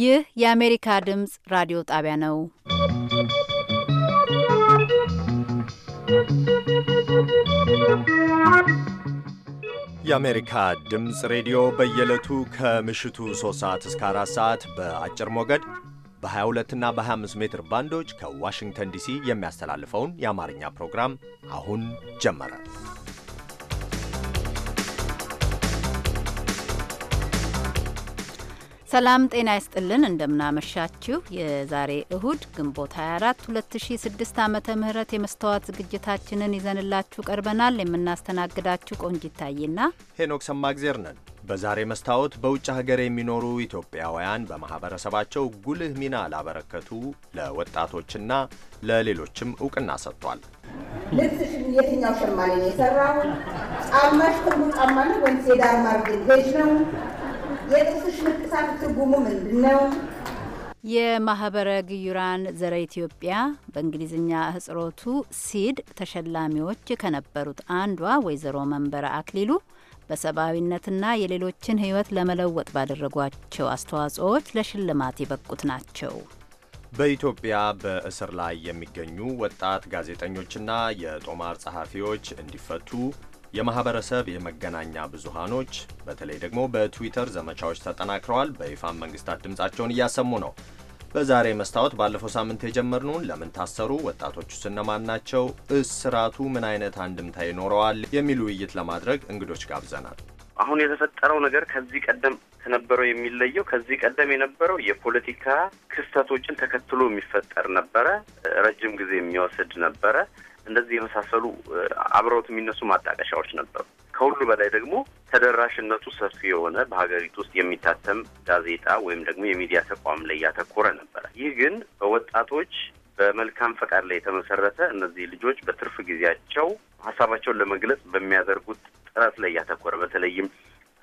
ይህ የአሜሪካ ድምፅ ራዲዮ ጣቢያ ነው። የአሜሪካ ድምፅ ሬዲዮ በየዕለቱ ከምሽቱ 3 ሰዓት እስከ 4 ሰዓት በአጭር ሞገድ በ22 እና በ25 ሜትር ባንዶች ከዋሽንግተን ዲሲ የሚያስተላልፈውን የአማርኛ ፕሮግራም አሁን ጀመረ። ሰላም ጤና ይስጥልን። እንደምናመሻችሁ የዛሬ እሁድ ግንቦት 24 2006 ዓ ም የመስተዋት ዝግጅታችንን ይዘንላችሁ ቀርበናል። የምናስተናግዳችሁ ቆንጂት ታዬና ሄኖክ ሰማግዜር ነን። በዛሬ መስታወት በውጭ ሀገር የሚኖሩ ኢትዮጵያውያን በማኅበረሰባቸው ጉልህ ሚና ላበረከቱ ለወጣቶችና ለሌሎችም እውቅና ሰጥቷል። ልብስሽ የትኛው ሸማኔ ነው የሰራው? ጫማሽ ጫማ ነው ወይም ሴዳር ማርጌ ነው የጥርስሽ ንቅሳት ትርጉሙ ምንድን ነው? የማህበረ ግዩራን ዘረ ኢትዮጵያ በእንግሊዝኛ ህጽሮቱ ሲድ ተሸላሚዎች ከነበሩት አንዷ ወይዘሮ መንበረ አክሊሉ በሰብአዊነትና የሌሎችን ህይወት ለመለወጥ ባደረጓቸው አስተዋጽኦዎች ለሽልማት የበቁት ናቸው። በኢትዮጵያ በእስር ላይ የሚገኙ ወጣት ጋዜጠኞችና የጦማር ጸሐፊዎች እንዲፈቱ የማህበረሰብ የመገናኛ ብዙሃኖች በተለይ ደግሞ በትዊተር ዘመቻዎች ተጠናክረዋል። በይፋም መንግስታት ድምፃቸውን እያሰሙ ነው። በዛሬ መስታወት ባለፈው ሳምንት የጀመርነውን ለምን ታሰሩ፣ ወጣቶቹ እነማን ናቸው፣ እስራቱ ምን አይነት አንድምታ ይኖረዋል የሚል ውይይት ለማድረግ እንግዶች ጋብዘናል። አሁን የተፈጠረው ነገር ከዚህ ቀደም ከነበረው የሚለየው ከዚህ ቀደም የነበረው የፖለቲካ ክስተቶችን ተከትሎ የሚፈጠር ነበረ። ረጅም ጊዜ የሚወስድ ነበረ። እንደዚህ የመሳሰሉ አብረውት የሚነሱ ማጣቀሻዎች ነበሩ። ከሁሉ በላይ ደግሞ ተደራሽነቱ ሰፊ የሆነ በሀገሪቱ ውስጥ የሚታተም ጋዜጣ ወይም ደግሞ የሚዲያ ተቋም ላይ ያተኮረ ነበረ። ይህ ግን በወጣቶች በመልካም ፈቃድ ላይ የተመሰረተ እነዚህ ልጆች በትርፍ ጊዜያቸው ሀሳባቸውን ለመግለጽ በሚያደርጉት ጥረት ላይ ያተኮረ በተለይም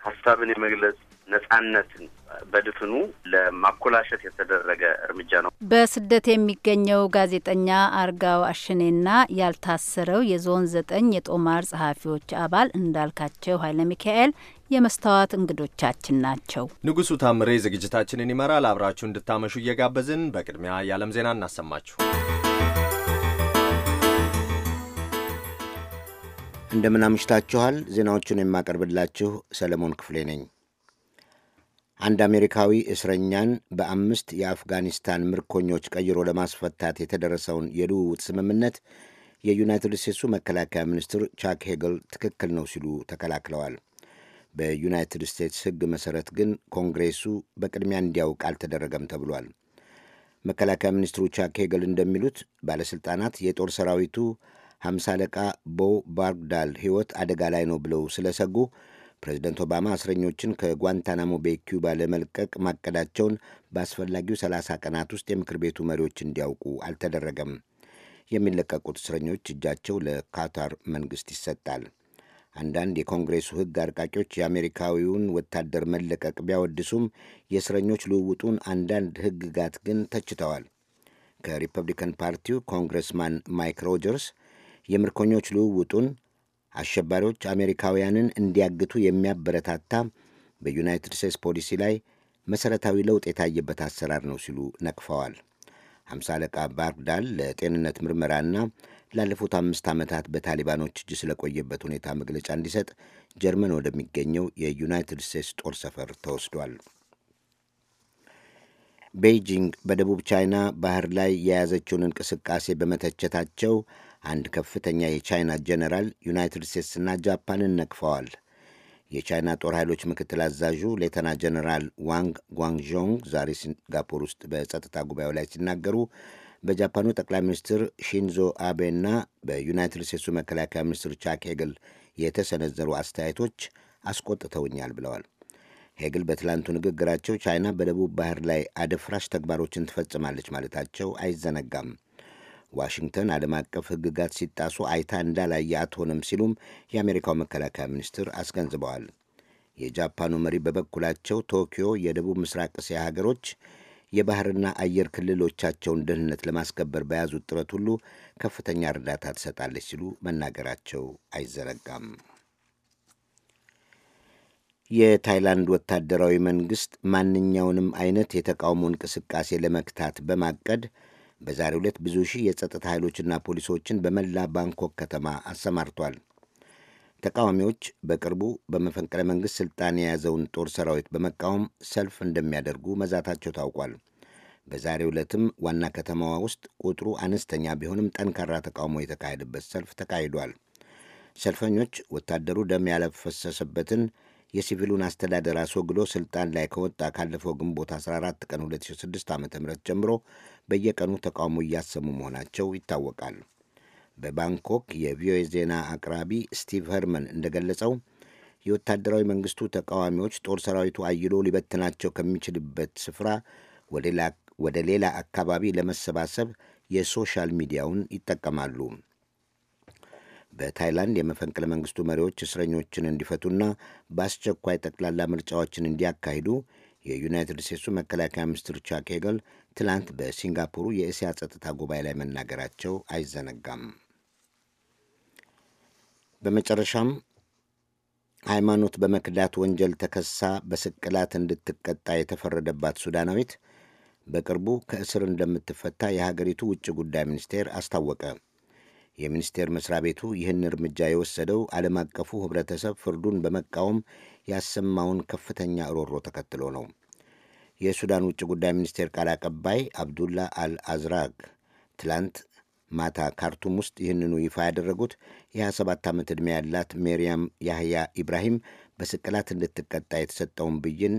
ሀሳብን የመግለጽ ነጻነትን በድፍኑ ለማኮላሸት የተደረገ እርምጃ ነው። በስደት የሚገኘው ጋዜጠኛ አርጋው አሽኔና ያልታሰረው የዞን ዘጠኝ የጦማር ጸሐፊዎች አባል እንዳልካቸው ኃይለ ሚካኤል የመስታወት እንግዶቻችን ናቸው። ንጉሱ ታምሬ ዝግጅታችንን ይመራል። አብራችሁ እንድታመሹ እየጋበዝን በቅድሚያ የዓለም ዜና እናሰማችሁ። እንደምናምሽታችኋል ዜናዎቹን የማቀርብላችሁ ሰለሞን ክፍሌ ነኝ። አንድ አሜሪካዊ እስረኛን በአምስት የአፍጋኒስታን ምርኮኞች ቀይሮ ለማስፈታት የተደረሰውን የልውውጥ ስምምነት የዩናይትድ ስቴትሱ መከላከያ ሚኒስትር ቻክ ሄግል ትክክል ነው ሲሉ ተከላክለዋል። በዩናይትድ ስቴትስ ሕግ መሠረት ግን ኮንግሬሱ በቅድሚያ እንዲያውቅ አልተደረገም ተብሏል። መከላከያ ሚኒስትሩ ቻክ ሄግል እንደሚሉት ባለሥልጣናት የጦር ሰራዊቱ ሀምሳ አለቃ ቦ ባርግዳል ሕይወት አደጋ ላይ ነው ብለው ስለሰጉ ፕሬዚደንት ኦባማ እስረኞችን ከጓንታናሞ ቤይ ኩባ ለመልቀቅ ማቀዳቸውን በአስፈላጊው 30 ቀናት ውስጥ የምክር ቤቱ መሪዎች እንዲያውቁ አልተደረገም። የሚለቀቁት እስረኞች እጃቸው ለካታር መንግሥት ይሰጣል። አንዳንድ የኮንግሬሱ ሕግ አርቃቂዎች የአሜሪካዊውን ወታደር መለቀቅ ቢያወድሱም የእስረኞች ልውውጡን አንዳንድ ሕግጋት ግን ተችተዋል። ከሪፐብሊካን ፓርቲው ኮንግረስማን ማይክ ሮጀርስ የምርኮኞች ልውውጡን አሸባሪዎች አሜሪካውያንን እንዲያግቱ የሚያበረታታ በዩናይትድ ስቴትስ ፖሊሲ ላይ መሠረታዊ ለውጥ የታየበት አሰራር ነው ሲሉ ነቅፈዋል። ሃምሳ አለቃ ባርዳል ለጤንነት ምርመራና ላለፉት አምስት ዓመታት በታሊባኖች እጅ ስለቆየበት ሁኔታ መግለጫ እንዲሰጥ ጀርመን ወደሚገኘው የዩናይትድ ስቴትስ ጦር ሰፈር ተወስዷል። ቤይጂንግ በደቡብ ቻይና ባህር ላይ የያዘችውን እንቅስቃሴ በመተቸታቸው አንድ ከፍተኛ የቻይና ጄኔራል ዩናይትድ ስቴትስና ጃፓንን ነቅፈዋል። የቻይና ጦር ኃይሎች ምክትል አዛዡ ሌተና ጀነራል ዋንግ ጓንግዦንግ ዛሬ ሲንጋፖር ውስጥ በጸጥታ ጉባኤው ላይ ሲናገሩ በጃፓኑ ጠቅላይ ሚኒስትር ሺንዞ አቤና በዩናይትድ ስቴትሱ መከላከያ ሚኒስትር ቻክ ሄግል የተሰነዘሩ አስተያየቶች አስቆጥተውኛል ብለዋል። ሄግል በትላንቱ ንግግራቸው ቻይና በደቡብ ባህር ላይ አደፍራሽ ተግባሮችን ትፈጽማለች ማለታቸው አይዘነጋም። ዋሽንግተን ዓለም አቀፍ ሕግጋት ሲጣሱ አይታ እንዳላየ አትሆንም ሲሉም የአሜሪካው መከላከያ ሚኒስትር አስገንዝበዋል። የጃፓኑ መሪ በበኩላቸው ቶኪዮ የደቡብ ምስራቅ እስያ ሀገሮች የባህርና አየር ክልሎቻቸውን ደህንነት ለማስከበር በያዙት ጥረት ሁሉ ከፍተኛ እርዳታ ትሰጣለች ሲሉ መናገራቸው አይዘነጋም። የታይላንድ ወታደራዊ መንግሥት ማንኛውንም አይነት የተቃውሞ እንቅስቃሴ ለመክታት በማቀድ በዛሬ ዕለት ብዙ ሺህ የጸጥታ ኃይሎችና ፖሊሶችን በመላ ባንኮክ ከተማ አሰማርቷል። ተቃዋሚዎች በቅርቡ በመፈንቅለ መንግሥት ሥልጣን የያዘውን ጦር ሰራዊት በመቃወም ሰልፍ እንደሚያደርጉ መዛታቸው ታውቋል። በዛሬ ዕለትም ዋና ከተማዋ ውስጥ ቁጥሩ አነስተኛ ቢሆንም ጠንካራ ተቃውሞ የተካሄደበት ሰልፍ ተካሂዷል። ሰልፈኞች ወታደሩ ደም ያለፈሰሰበትን የሲቪሉን አስተዳደር አስወግዶ ስልጣን ላይ ከወጣ ካለፈው ግንቦት 14 ቀን 2006 ዓ.ም ጀምሮ በየቀኑ ተቃውሞ እያሰሙ መሆናቸው ይታወቃል። በባንኮክ የቪኦኤ ዜና አቅራቢ ስቲቭ ኸርመን እንደገለጸው የወታደራዊ መንግስቱ ተቃዋሚዎች ጦር ሰራዊቱ አይሎ ሊበትናቸው ከሚችልበት ስፍራ ወደ ሌላ አካባቢ ለመሰባሰብ የሶሻል ሚዲያውን ይጠቀማሉ። በታይላንድ የመፈንቅለ መንግስቱ መሪዎች እስረኞችን እንዲፈቱና በአስቸኳይ ጠቅላላ ምርጫዎችን እንዲያካሂዱ የዩናይትድ ስቴትሱ መከላከያ ሚኒስትር ቻክ ሄገል ትላንት በሲንጋፖሩ የእስያ ጸጥታ ጉባኤ ላይ መናገራቸው አይዘነጋም። በመጨረሻም ሃይማኖት በመክዳት ወንጀል ተከሳ በስቅላት እንድትቀጣ የተፈረደባት ሱዳናዊት በቅርቡ ከእስር እንደምትፈታ የሀገሪቱ ውጭ ጉዳይ ሚኒስቴር አስታወቀ። የሚኒስቴር መስሪያ ቤቱ ይህን እርምጃ የወሰደው ዓለም አቀፉ ሕብረተሰብ ፍርዱን በመቃወም ያሰማውን ከፍተኛ ሮሮ ተከትሎ ነው። የሱዳን ውጭ ጉዳይ ሚኒስቴር ቃል አቀባይ አብዱላ አልአዝራግ ትላንት ማታ ካርቱም ውስጥ ይህንኑ ይፋ ያደረጉት የ27 ዓመት ዕድሜ ያላት ሜርያም ያህያ ኢብራሂም በስቅላት እንድትቀጣ የተሰጠውን ብይን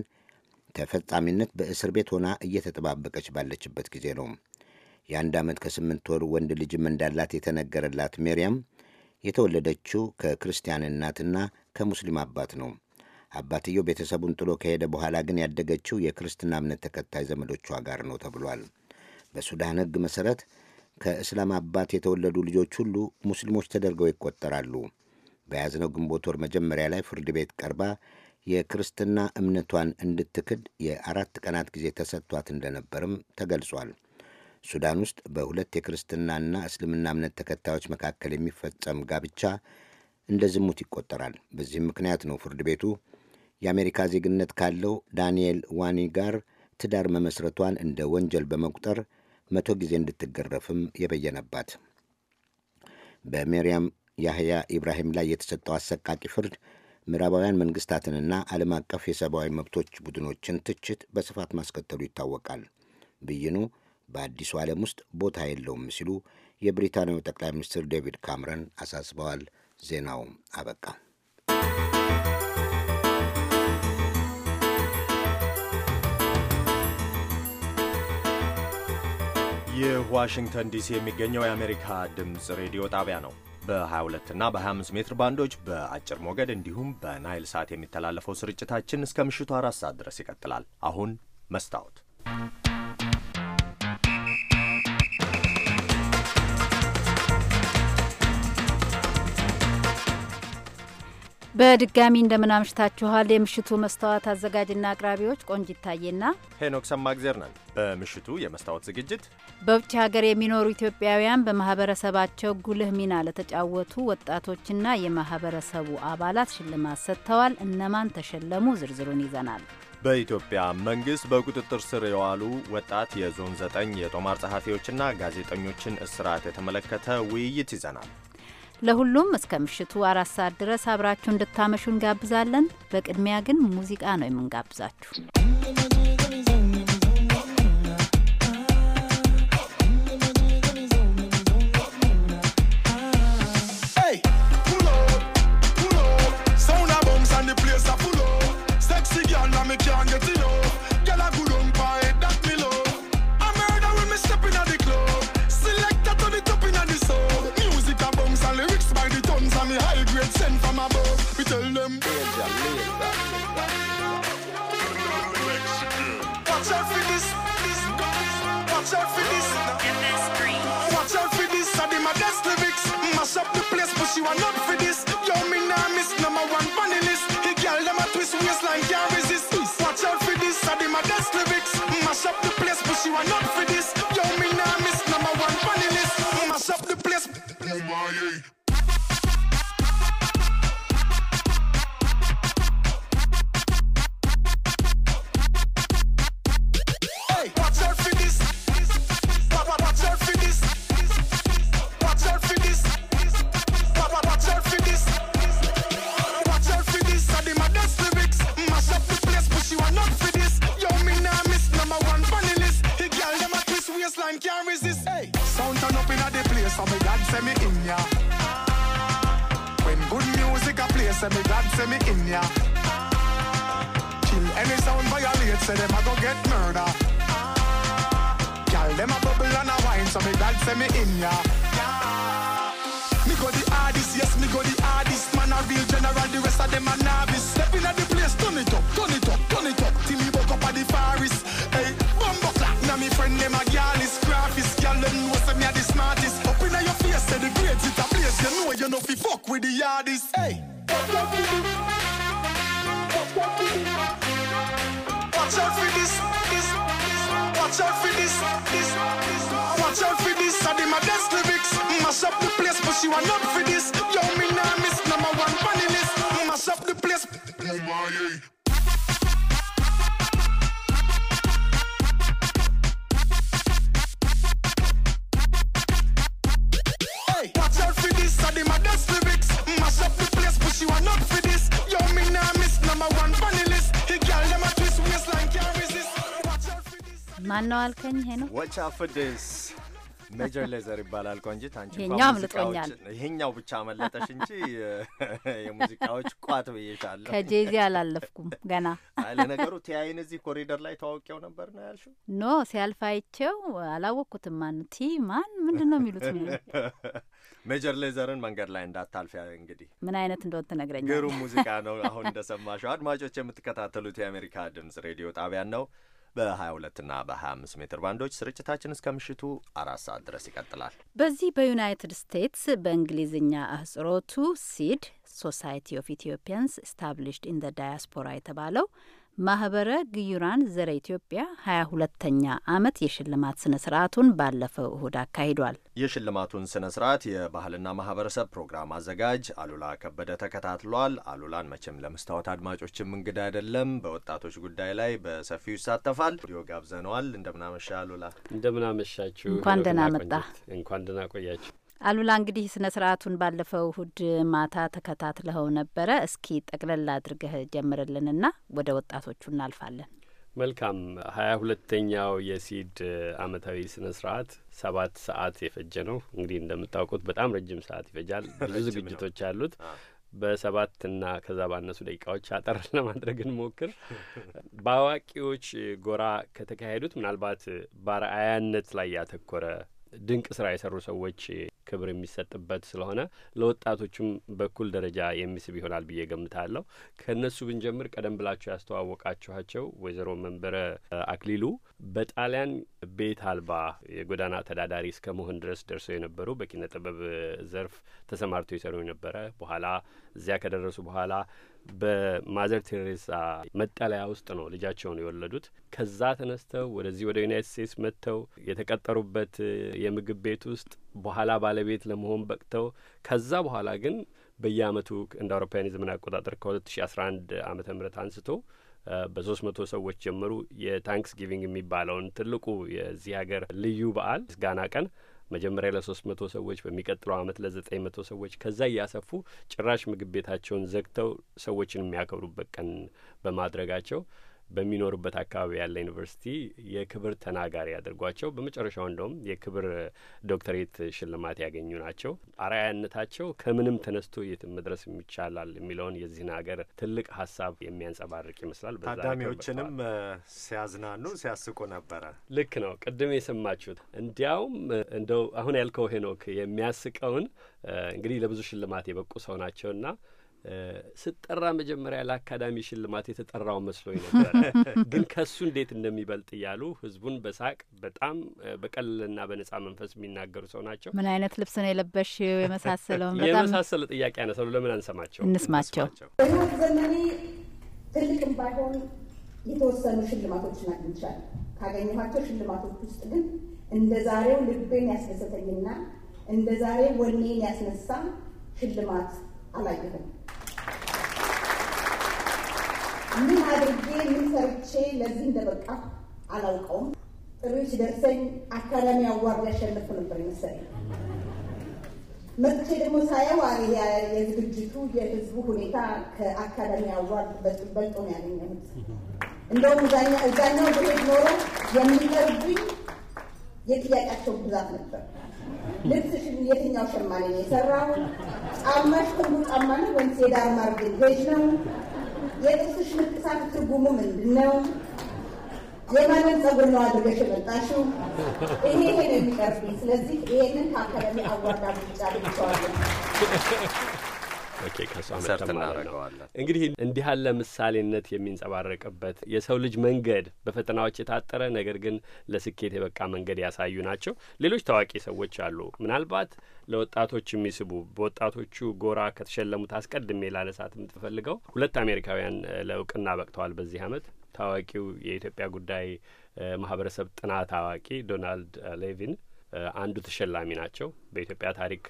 ተፈጻሚነት በእስር ቤት ሆና እየተጠባበቀች ባለችበት ጊዜ ነው። የአንድ ዓመት ከስምንት ወር ወንድ ልጅም እንዳላት የተነገረላት ሜርያም የተወለደችው ከክርስቲያን እናትና ከሙስሊም አባት ነው። አባትየው ቤተሰቡን ጥሎ ከሄደ በኋላ ግን ያደገችው የክርስትና እምነት ተከታይ ዘመዶቿ ጋር ነው ተብሏል። በሱዳን ሕግ መሠረት ከእስላም አባት የተወለዱ ልጆች ሁሉ ሙስሊሞች ተደርገው ይቆጠራሉ። በያዝነው ግንቦት ወር መጀመሪያ ላይ ፍርድ ቤት ቀርባ የክርስትና እምነቷን እንድትክድ የአራት ቀናት ጊዜ ተሰጥቷት እንደነበርም ተገልጿል። ሱዳን ውስጥ በሁለት የክርስትናና እስልምና እምነት ተከታዮች መካከል የሚፈጸም ጋብቻ እንደ ዝሙት ይቆጠራል። በዚህም ምክንያት ነው ፍርድ ቤቱ የአሜሪካ ዜግነት ካለው ዳንኤል ዋኒ ጋር ትዳር መመስረቷን እንደ ወንጀል በመቁጠር መቶ ጊዜ እንድትገረፍም የበየነባት በሜርያም ያህያ ኢብራሂም ላይ የተሰጠው አሰቃቂ ፍርድ ምዕራባውያን መንግስታትንና ዓለም አቀፍ የሰብአዊ መብቶች ቡድኖችን ትችት በስፋት ማስከተሉ ይታወቃል። ብይኑ በአዲሱ ዓለም ውስጥ ቦታ የለውም ሲሉ የብሪታንያው ጠቅላይ ሚኒስትር ዴቪድ ካምረን አሳስበዋል። ዜናው አበቃ። ይህ ዋሽንግተን ዲሲ የሚገኘው የአሜሪካ ድምፅ ሬዲዮ ጣቢያ ነው። በ22 እና በ25 ሜትር ባንዶች በአጭር ሞገድ እንዲሁም በናይል ሳት የሚተላለፈው ስርጭታችን እስከ ምሽቱ አራት ሰዓት ድረስ ይቀጥላል። አሁን መስታወት በድጋሚ እንደምናምሽታችኋል። የምሽቱ መስታወት አዘጋጅና አቅራቢዎች ቆንጅ ይታየና ሄኖክ ሰማግዜር ነን። በምሽቱ የመስታወት ዝግጅት በውጭ ሀገር የሚኖሩ ኢትዮጵያውያን በማህበረሰባቸው ጉልህ ሚና ለተጫወቱ ወጣቶችና የማህበረሰቡ አባላት ሽልማት ሰጥተዋል። እነማን ተሸለሙ? ዝርዝሩን ይዘናል። በኢትዮጵያ መንግስት በቁጥጥር ስር የዋሉ ወጣት የዞን ዘጠኝ የጦማር ጸሐፊዎችና ጋዜጠኞችን እስራት የተመለከተ ውይይት ይዘናል። ለሁሉም እስከ ምሽቱ አራት ሰዓት ድረስ አብራችሁ እንድታመሹ እንጋብዛለን። በቅድሚያ ግን ሙዚቃ ነው የምንጋብዛችሁ። Sexy girl, now me can't get it. for this. Watch out for this. I did my best lyrics. Mash up the place, but you are not for this. Kumaye. watch out for this, the maddest lyrics. Mash up the place, you not for this. Yo, me miss number one list. girl waistline, can't resist. Watch out for this. Watch out for this. ሜጀር ሌዘር ይባላል። ቆንጂት አንቺ ሙዚቃዎች ይሄኛው ብቻ መለጠሽ እንጂ የሙዚቃዎች ቋት ብዬሻለሁ። ከጄዚ አላለፍኩም ገና። ለነገሩ ቲአይን እዚህ ኮሪደር ላይ ታወቂው ነበር ነው ያልሽው? ኖ ሲያልፍ አይቼው አላወቅኩትም። ማን ቲ ማን ምንድን ነው የሚሉት? ሜጀር ሌዘርን መንገድ ላይ እንዳታልፍ እንግዲህ ምን አይነት እንደሆን ትነግረኛል። ግሩም ሙዚቃ ነው አሁን እንደሰማሽው። አድማጮች የምትከታተሉት የአሜሪካ ድምጽ ሬዲዮ ጣቢያን ነው። በ22 እና በ25 ሜትር ባንዶች ስርጭታችን እስከ ምሽቱ አራት ሰዓት ድረስ ይቀጥላል። በዚህ በዩናይትድ ስቴትስ በእንግሊዝኛ አህጽሮቱ ሲድ ሶሳይቲ ኦፍ ኢትዮጵያንስ ስታብሊሽድ ኢን ዳያስፖራ የተባለው ማህበረ ግዩራን ዘረ ኢትዮጵያ ሀያ ሁለተኛ አመት የሽልማት ስነ ስርአቱን ባለፈው እሁድ አካሂዷል። የሽልማቱን ስነ ስርአት የባህልና ማህበረሰብ ፕሮግራም አዘጋጅ አሉላ ከበደ ተከታትሏል። አሉላን መቼም ለመስታወት አድማጮችም እንግዳ አይደለም። በወጣቶች ጉዳይ ላይ በሰፊው ይሳተፋል። ዲዮ ጋብዘነዋል። እንደምናመሻ አሉላ። እንደምናመሻችሁ። እንኳን ደህና መጣ። እንኳን ደህና ቆያችሁ። አሉላ እንግዲህ ስነ ስርዓቱን ባለፈው እሁድ ማታ ተከታትለኸው ነበረ። እስኪ ጠቅለል አድርገህ ጀምርልንና ወደ ወጣቶቹ እናልፋለን። መልካም ሀያ ሁለተኛው የሲድ አመታዊ ስነ ስርዓት ሰባት ሰዓት የፈጀ ነው። እንግዲህ እንደምታውቁት በጣም ረጅም ሰዓት ይፈጃል። ብዙ ዝግጅቶች አሉት። በሰባትና ከዛ ባነሱ ደቂቃዎች አጠር ለማድረግ እንሞክር። በአዋቂዎች ጎራ ከተካሄዱት ምናልባት በአርአያነት ላይ ያተኮረ ድንቅ ስራ የሰሩ ሰዎች ክብር የሚሰጥበት ስለሆነ ለወጣቶችም በኩል ደረጃ የሚስብ ይሆናል ብዬ ገምታለሁ። ከእነሱ ብንጀምር ቀደም ብላችሁ ያስተዋወቃችኋቸው ወይዘሮ መንበረ አክሊሉ በጣሊያን ቤት አልባ የጎዳና ተዳዳሪ እስከ መሆን ድረስ ደርሰው የነበሩ በኪነ ጥበብ ዘርፍ ተሰማርተው ይሰሩ የነበረ በኋላ እዚያ ከደረሱ በኋላ በማዘር ቴሬሳ መጠለያ ውስጥ ነው ልጃቸውን የወለዱት። ከዛ ተነስተው ወደዚህ ወደ ዩናይትድ ስቴትስ መጥተው የተቀጠሩበት የምግብ ቤት ውስጥ በኋላ ባለቤት ለመሆን በቅተው ከዛ በኋላ ግን በየአመቱ እንደ አውሮፓውያን የዘመን አቆጣጠር ከ2011 ዓመተ ምህረት አንስቶ በሶስት መቶ ሰዎች ጀምሩ የታንክስ ጊቪንግ የሚባለውን ትልቁ የዚህ ሀገር ልዩ በዓል ምስጋና ቀን መጀመሪያ ለሶስት መቶ ሰዎች በሚቀጥለው አመት ለዘጠኝ መቶ ሰዎች ከዛ እያሰፉ ጭራሽ ምግብ ቤታቸውን ዘግተው ሰዎችን የሚያከብሩበት ቀን በማድረጋቸው በሚኖሩበት አካባቢ ያለ ዩኒቨርሲቲ የክብር ተናጋሪ አድርጓቸው በመጨረሻው እንደውም የክብር ዶክተሬት ሽልማት ያገኙ ናቸው። አርአያነታቸው ከምንም ተነስቶ የትም መድረስ ይቻላል የሚለውን የዚህን ሀገር ትልቅ ሀሳብ የሚያንጸባርቅ ይመስላል። ታዳሚዎችንም ሲያዝናኑ ሲያስቁ ነበረ። ልክ ነው። ቅድም የሰማችሁት እንዲያውም እንደው አሁን ያልከው ሄኖክ የሚያስቀውን እንግዲህ ለብዙ ሽልማት የበቁ ሰው ናቸውና ስጠራ መጀመሪያ ለአካዳሚ ሽልማት የተጠራው መስሎኝ ነበር፣ ግን ከሱ እንዴት እንደሚበልጥ እያሉ ህዝቡን በሳቅ በጣም በቀልልና በነጻ መንፈስ የሚናገሩ ሰው ናቸው። ምን አይነት ልብስ ነው የለበሽ? የመሳሰለውን የመሳሰለ ጥያቄ ያነሳሉ። ለምን አንሰማቸው? እንስማቸው። በህይወት ዘመኔ ትልቅም ባይሆን የተወሰኑ ሽልማቶችን አግኝቻለሁ። ካገኘኋቸው ሽልማቶች ውስጥ ግን እንደ ዛሬው ልቤን ያስደሰተኝና እንደ ዛሬ ወኔን ያስነሳ ሽልማት አላየሁም። ምን አድርጌ ምን ሰርቼ ለዚህ እንደበቃ አላውቀውም። ጥሪው ሲደርሰኝ አካዳሚ አዋር ያሸነፍኩ ነበር ይመስለኝ። መጥቼ ደግሞ ሳየው የዝግጅቱ የህዝቡ ሁኔታ ከአካዳሚ አዋር በልጦ ነው ያገኘሁት። እንደውም እዛኛው ብሄድ ኖሮ የሚቀርቡኝ የጥያቄያቸው ብዛት ነበር። ልብስሽ የትኛው ሸማኔ ነው የሰራው? ጫማሽ ክቡ ጫማ ነው ወይም የዳር ማርጌ ቤጅ ነው የጥርስሽ ንቅሳት ትርጉሙ ምንድን ነው? የማንን ጸጉር ነው አድርገሽ የመጣሽው? ይሄ ይሄ ነው የሚቀርብኝ። ስለዚህ ይሄንን ከአካዳሚ አዋርድ አብልጫ ልብቸዋለሁ። ሰርት እናደርገዋለን። እንግዲህ እንዲህ ያለ ምሳሌነት የሚንጸባረቅበት የሰው ልጅ መንገድ በፈተናዎች የታጠረ ነገር ግን ለስኬት የበቃ መንገድ ያሳዩ ናቸው። ሌሎች ታዋቂ ሰዎች አሉ። ምናልባት ለወጣቶች የሚስቡ በወጣቶቹ ጎራ ከተሸለሙት አስቀድሜ ላነሳት የምትፈልገው ሁለት አሜሪካውያን ለእውቅና በቅተዋል በዚህ አመት ታዋቂው የኢትዮጵያ ጉዳይ ማህበረሰብ ጥናት አዋቂ ዶናልድ ሌቪን አንዱ ተሸላሚ ናቸው። በኢትዮጵያ ታሪክ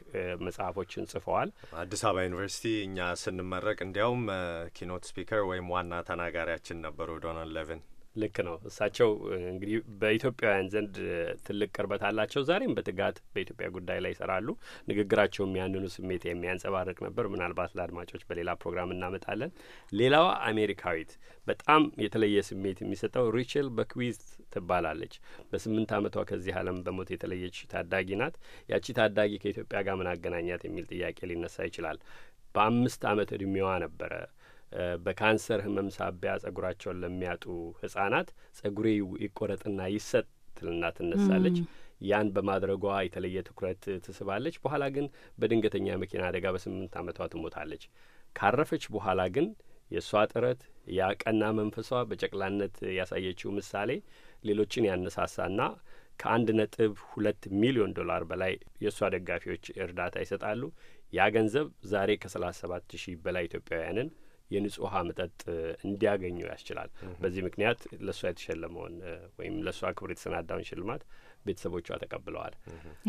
መጽሐፎችን ጽፈዋል። አዲስ አበባ ዩኒቨርሲቲ እኛ ስንመረቅ እንዲያውም ኪኖት ስፒከር ወይም ዋና ተናጋሪያችን ነበሩ ዶናልድ ሌቪን። ልክ ነው። እሳቸው እንግዲህ በኢትዮጵያውያን ዘንድ ትልቅ ቅርበት አላቸው። ዛሬም በትጋት በኢትዮጵያ ጉዳይ ላይ ይሰራሉ። ንግግራቸውም ያንኑ ስሜት የሚያንጸባርቅ ነበር። ምናልባት ለአድማጮች በሌላ ፕሮግራም እናመጣለን። ሌላዋ አሜሪካዊት በጣም የተለየ ስሜት የሚሰጠው ሪችል በክዊዝ ትባላለች። በስምንት ዓመቷ ከዚህ ዓለም በሞት የተለየች ታዳጊ ናት። ያቺ ታዳጊ ከኢትዮጵያ ጋር ምን አገናኛት የሚል ጥያቄ ሊነሳ ይችላል። በአምስት ዓመት እድሜዋ ነበረ በካንሰር ህመም ሳቢያ ጸጉራቸውን ለሚያጡ ህጻናት ጸጉሬ ይቆረጥና ይሰጥ ትልና ትነሳለች። ያን በማድረጓ የተለየ ትኩረት ትስባለች። በኋላ ግን በድንገተኛ መኪና አደጋ በስምንት አመቷ ትሞታለች። ካረፈች በኋላ ግን የእሷ ጥረት ያቀና መንፈሷ በጨቅላነት ያሳየችው ምሳሌ ሌሎችን ያነሳሳና ከአንድ ነጥብ ሁለት ሚሊዮን ዶላር በላይ የእሷ ደጋፊዎች እርዳታ ይሰጣሉ። ያ ገንዘብ ዛሬ ከሰላሳ ሰባት ሺህ በላይ ኢትዮጵያውያንን የንጹህ ውሃ መጠጥ እንዲያገኙ ያስችላል። በዚህ ምክንያት ለእሷ የተሸለመውን ወይም ለእሷ ክብር የተሰናዳውን ሽልማት ቤተሰቦቿ ተቀብለዋል።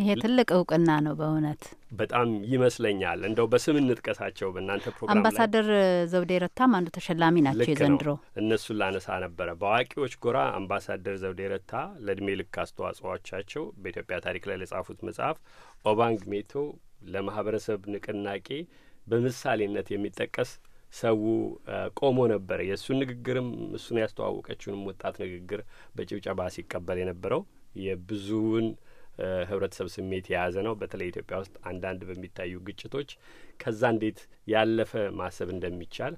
ይሄ ትልቅ እውቅና ነው በእውነት በጣም ይመስለኛል። እንደው በስም እንጥቀሳቸው በእናንተ ፕሮግራም አምባሳደር ዘውዴ ረታም አንዱ ተሸላሚ ናቸው የዘንድሮ። እነሱን ላነሳ ነበረ። በአዋቂዎች ጎራ አምባሳደር ዘውዴ ረታ ለእድሜ ልክ አስተዋጽኦቻቸው በኢትዮጵያ ታሪክ ላይ ለጻፉት መጽሐፍ ኦባንግ ሜቶ ለማህበረሰብ ንቅናቄ በምሳሌነት የሚጠቀስ ሰው ቆሞ ነበረ። የእሱን ንግግርም እሱን ያስተዋወቀችውንም ወጣት ንግግር በጭብጨባ ሲቀበል የነበረው የብዙውን ህብረተሰብ ስሜት የያዘ ነው። በተለይ ኢትዮጵያ ውስጥ አንዳንድ በሚታዩ ግጭቶች ከዛ እንዴት ያለፈ ማሰብ እንደሚቻል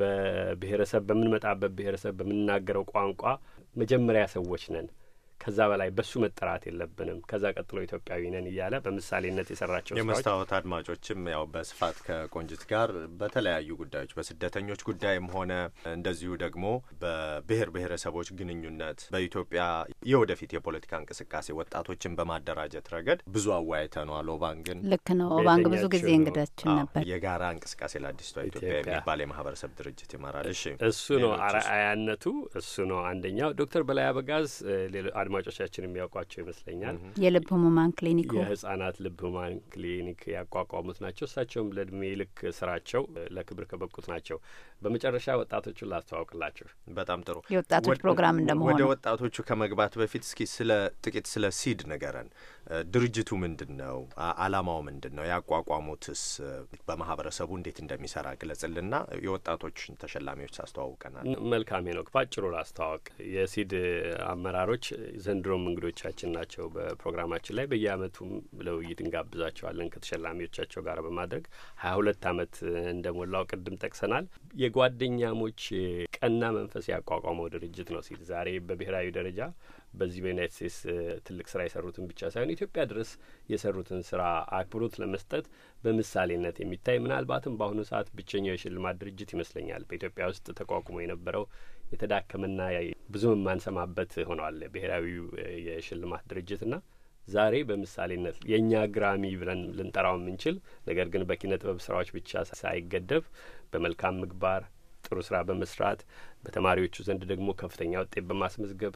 በብሔረሰብ በምንመጣበት ብሔረሰብ በምንናገረው ቋንቋ መጀመሪያ ሰዎች ነን ከዛ በላይ በሱ መጠራት የለብንም። ከዛ ቀጥሎ ኢትዮጵያዊ ነን እያለ በምሳሌነት የሰራቸው የመስታወት አድማጮችም ያው በስፋት ከቆንጅት ጋር በተለያዩ ጉዳዮች በስደተኞች ጉዳይም ሆነ እንደዚሁ ደግሞ በብሔር ብሔረሰቦች ግንኙነት፣ በኢትዮጵያ የወደፊት የፖለቲካ እንቅስቃሴ ወጣቶችን በማደራጀት ረገድ ብዙ አወያይተነዋል። ኦባንግ ግን ልክ ነው። ኦባንግ ብዙ ጊዜ እንግዳችን ነበር። የጋራ እንቅስቃሴ ለአዲስቷ ኢትዮጵያ የሚባል የማህበረሰብ ድርጅት ይመራል። እሱ ነው አርአያነቱ፣ እሱ ነው አንደኛው ዶክተር በላይ አበጋዝ አድማጮቻችን የሚያውቋቸው ይመስለኛል። የልብ ህሙማን ክሊኒክ የህጻናት ልብ ህሙማን ክሊኒክ ያቋቋሙት ናቸው። እሳቸውም ለእድሜ ልክ ስራቸው ለክብር ከበቁት ናቸው። በመጨረሻ ወጣቶቹን ላስተዋውቅላቸው። በጣም ጥሩ የወጣቶች ፕሮግራም እንደመሆኑ ወደ ወጣቶቹ ከመግባት በፊት እስኪ ስለ ጥቂት ስለ ሲድ ነገረን። ድርጅቱ ምንድን ነው? አላማው ምንድን ነው? ያቋቋሙትስ በማህበረሰቡ እንዴት እንደሚሰራ ግለጽልና የወጣቶችን ተሸላሚዎች አስተዋውቀናል። መልካም ነው። ባጭሩ ላስተዋወቅ የሲድ አመራሮች ዘንድሮም እንግዶቻችን ናቸው በፕሮግራማችን ላይ በየአመቱም ለውይይት እንጋብዛቸዋለን ከተሸላሚዎቻቸው ጋር በማድረግ ሀያ ሁለት አመት እንደሞላው ቅድም ጠቅሰናል። የጓደኛሞች ቀና መንፈስ ያቋቋመው ድርጅት ነው ሲል ዛሬ በብሔራዊ ደረጃ በዚህ በዩናይት ስቴትስ ትልቅ ስራ የሰሩትን ብቻ ሳይሆን ኢትዮጵያ ድረስ የሰሩትን ስራ አክብሮት ለመስጠት በምሳሌነት የሚታይ ምናልባትም በአሁኑ ሰዓት ብቸኛው የሽልማት ድርጅት ይመስለኛል በኢትዮጵያ ውስጥ ተቋቁሞ የነበረው የተዳከመና ብዙ የማንሰማበት ሆኗል። ብሔራዊው የሽልማት ድርጅትና ዛሬ በምሳሌነት የእኛ ግራሚ ብለን ልንጠራው የምንችል ነገር ግን በኪነ ጥበብ ስራዎች ብቻ ሳይገደብ በመልካም ምግባር ጥሩ ስራ በመስራት በተማሪዎቹ ዘንድ ደግሞ ከፍተኛ ውጤት በማስመዝገብ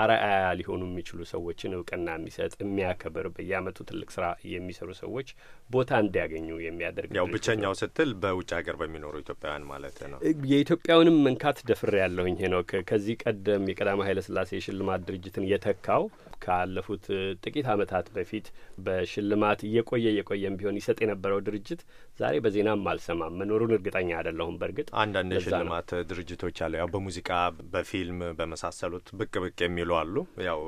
አርአያ ሊሆኑ የሚችሉ ሰዎችን እውቅና የሚሰጥ የሚያከብር፣ በየአመቱ ትልቅ ስራ የሚሰሩ ሰዎች ቦታ እንዲያገኙ የሚያደርግ ያው ብቸኛው ስትል በውጭ ሀገር በሚኖሩ ኢትዮጵያውያን ማለት ነው። የኢትዮጵያውንም መንካት ደፍሬ ያለሁኝ ሄኖክ ከዚህ ቀደም የቀዳማዊ ስላሴ ሽልማት ድርጅትን የተካው ካለፉት ጥቂት ዓመታት በፊት በሽልማት እየቆየ እየቆየም ቢሆን ይሰጥ የነበረው ድርጅት ዛሬ በዜናም አልሰማም መኖሩን እርግጠኛ አይደለሁም። በእርግጥ አንዳንድ የሽልማት ድርጅቶች አሉ። ያው በሙዚቃ በፊልም በመሳሰሉት ብቅ ብቅ የሚሉ አሉ። ያው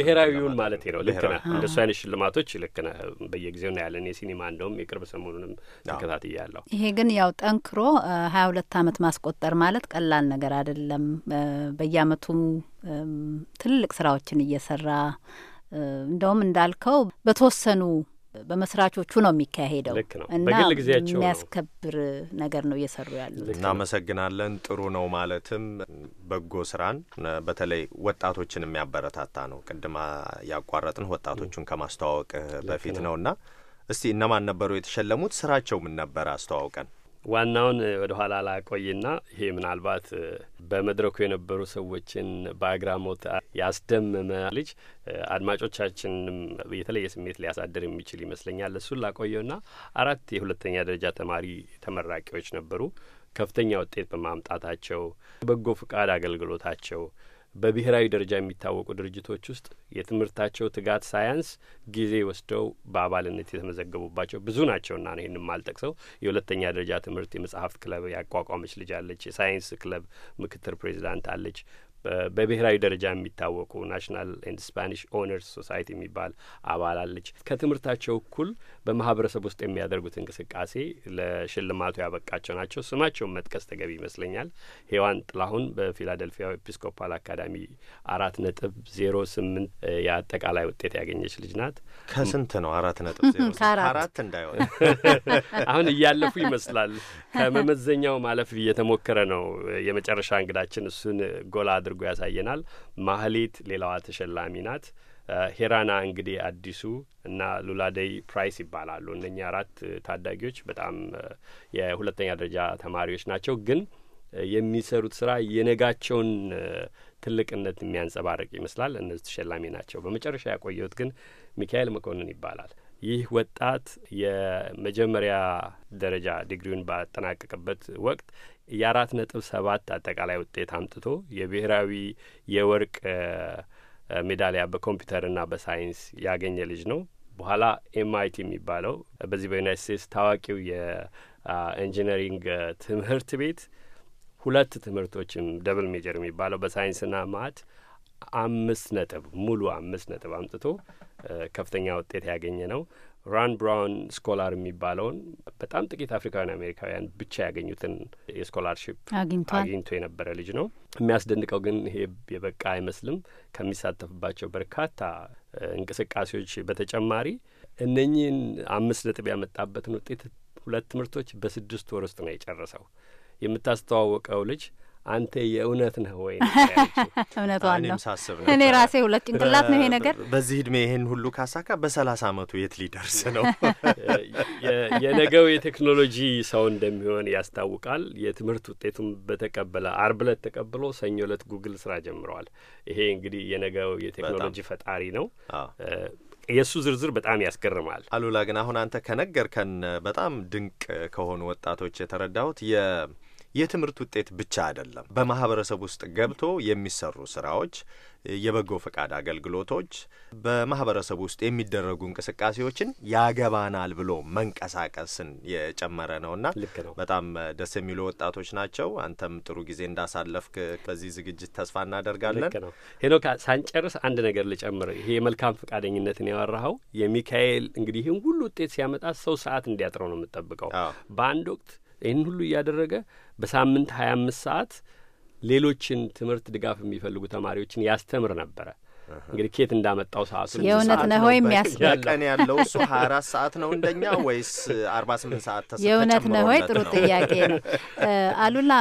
ብሔራዊውን ማለት ነው። ልክ ነህ። እንደሱ አይነት ሽልማቶች ልክ ነህ። በየጊዜው ና ያለን የሲኒማ እንደውም የቅርብ ሰሞኑንም ተከታትያለሁ። ይሄ ግን ያው ጠንክሮ ሀያ ሁለት አመት ማስቆጠር ማለት ቀላል ነገር አይደለም። በየአመቱ ትልልቅ ስራዎችን እየሰራ እንደውም እንዳልከው በተወሰኑ በመስራቾቹ ነው የሚካሄደው እና የሚያስከብር ነገር ነው እየሰሩ ያሉት። እናመሰግናለን። ጥሩ ነው ማለትም በጎ ስራን በተለይ ወጣቶችን የሚያበረታታ ነው። ቅድማ ያቋረጥን ወጣቶቹን ከማስተዋወቅህ በፊት እና እስቲ እነማን ነበሩ የተሸለሙት? ስራቸው ምን ነበር? አስተዋውቀን። ዋናውን ወደ ኋላ ላቆይና ይሄ ምናልባት በመድረኩ የነበሩ ሰዎችን በአግራሞት ያስደመመ ልጅ አድማጮቻችንም የተለየ ስሜት ሊያሳድር የሚችል ይመስለኛል። እሱን ላቆየውና አራት የሁለተኛ ደረጃ ተማሪ ተመራቂዎች ነበሩ። ከፍተኛ ውጤት በማምጣታቸው በጎ ፍቃድ አገልግሎታቸው በብሔራዊ ደረጃ የሚታወቁ ድርጅቶች ውስጥ የትምህርታቸው ትጋት ሳያንስ ጊዜ ወስደው በአባልነት የተመዘገቡባቸው ብዙ ናቸውና ነው ይህንም አልጠቅሰው። የሁለተኛ ደረጃ ትምህርት የመጽሐፍት ክለብ ያቋቋመች ልጅ አለች። የሳይንስ ክለብ ምክትል ፕሬዚዳንት አለች። በብሔራዊ ደረጃ የሚታወቁ ናሽናል ኤንድ ስፓኒሽ ኦነርስ ሶሳይቲ የሚባል አባል አለች። ከትምህርታቸው እኩል በማህበረሰብ ውስጥ የሚያደርጉት እንቅስቃሴ ለሽልማቱ ያበቃቸው ናቸው። ስማቸውን መጥቀስ ተገቢ ይመስለኛል። ሄዋን ጥላሁን በፊላደልፊያው ኤፒስኮፓል አካዳሚ አራት ነጥብ ዜሮ ስምንት የአጠቃላይ ውጤት ያገኘች ልጅ ናት። ከስንት ነው አራት ነጥብ ዜሮ አራት እንዳይሆን አሁን እያለፉ ይመስላል። ከመመዘኛው ማለፍ እየተሞከረ ነው። የመጨረሻ እንግዳችን እሱን ጎላ አድርጎ ያሳየናል። ማህሌት ሌላዋ ተሸላሚ ናት። ሄራና እንግዲህ አዲሱ እና ሉላደይ ፕራይስ ይባላሉ። እነኚህ አራት ታዳጊዎች በጣም የሁለተኛ ደረጃ ተማሪዎች ናቸው፣ ግን የሚሰሩት ስራ የነጋቸውን ትልቅነት የሚያንጸባርቅ ይመስላል። እነዚህ ተሸላሚ ናቸው። በመጨረሻ ያቆየሁት ግን ሚካኤል መኮንን ይባላል። ይህ ወጣት የመጀመሪያ ደረጃ ዲግሪውን ባጠናቀቅበት ወቅት የአራት ነጥብ ሰባት አጠቃላይ ውጤት አምጥቶ የብሔራዊ የወርቅ ሜዳሊያ በኮምፒውተርና በሳይንስ ያገኘ ልጅ ነው። በኋላ ኤምአይቲ የሚባለው በዚህ በዩናይት ስቴትስ ታዋቂው የኢንጂነሪንግ ትምህርት ቤት ሁለት ትምህርቶችም ደብል ሜጀር የሚባለው በሳይንስና ማት አምስት ነጥብ ሙሉ አምስት ነጥብ አምጥቶ ከፍተኛ ውጤት ያገኘ ነው። ራን ብራውን ስኮላር የሚባለውን በጣም ጥቂት አፍሪካውያን አሜሪካውያን ብቻ ያገኙትን የስኮላርሽፕ አግኝቶ የነበረ ልጅ ነው። የሚያስደንቀው ግን ይሄ የበቃ አይመስልም። ከሚሳተፍባቸው በርካታ እንቅስቃሴዎች በተጨማሪ እነኚህን አምስት ነጥብ ያመጣበትን ውጤት ሁለት ትምህርቶች በስድስት ወር ውስጥ ነው የጨረሰው። የምታስተዋወቀው ልጅ አንተ የእውነት ነህ ወይ? እውነቷ ነው። ሳስብ ነው። እኔ ራሴ ሁለት ጭንቅላት ነው ይሄ ነገር። በዚህ እድሜ ይህን ሁሉ ካሳካ በሰላሳ አመቱ የት ሊደርስ ነው? የነገው የቴክኖሎጂ ሰው እንደሚሆን ያስታውቃል። የትምህርት ውጤቱም በተቀበለ አርብ ዕለት ተቀብሎ ሰኞ ዕለት ጉግል ስራ ጀምረዋል። ይሄ እንግዲህ የነገው የቴክኖሎጂ ፈጣሪ ነው። የእሱ ዝርዝር በጣም ያስገርማል። አሉላ ግን አሁን አንተ ከነገርከን በጣም ድንቅ ከሆኑ ወጣቶች የተረዳሁት የ የትምህርት ውጤት ብቻ አይደለም። በማህበረሰብ ውስጥ ገብቶ የሚሰሩ ስራዎች፣ የበጎ ፈቃድ አገልግሎቶች፣ በማህበረሰብ ውስጥ የሚደረጉ እንቅስቃሴዎችን ያገባናል ብሎ መንቀሳቀስን የጨመረ ነውና ልክ ነው። በጣም ደስ የሚሉ ወጣቶች ናቸው። አንተም ጥሩ ጊዜ እንዳሳለፍክ በዚህ ዝግጅት ተስፋ እናደርጋለን። ልክ ነው ሄኖክ። ሳንጨርስ አንድ ነገር ልጨምር። ይሄ የመልካም ፈቃደኝነትን ያወራኸው የሚካኤል እንግዲህ ይህን ሁሉ ውጤት ሲያመጣ ሰው ሰዓት እንዲያጥረው ነው የምጠብቀው በአንድ ወቅት ይህን ሁሉ እያደረገ በሳምንት ሀያ አምስት ሰዓት ሌሎችን ትምህርት ድጋፍ የሚፈልጉ ተማሪዎችን ያስተምር ነበረ። እንግዲህ ኬት እንዳመጣው ሰዓቱ የእውነት ነው ሆይ የሚያስቀን ያለው እሱ ሀያ አራት ሰዓት ነው እንደኛ ወይስ አርባ ስምንት ሰዓት ተሰ የእውነት ነው ሆይ ጥሩ ጥያቄ ነው አሉላ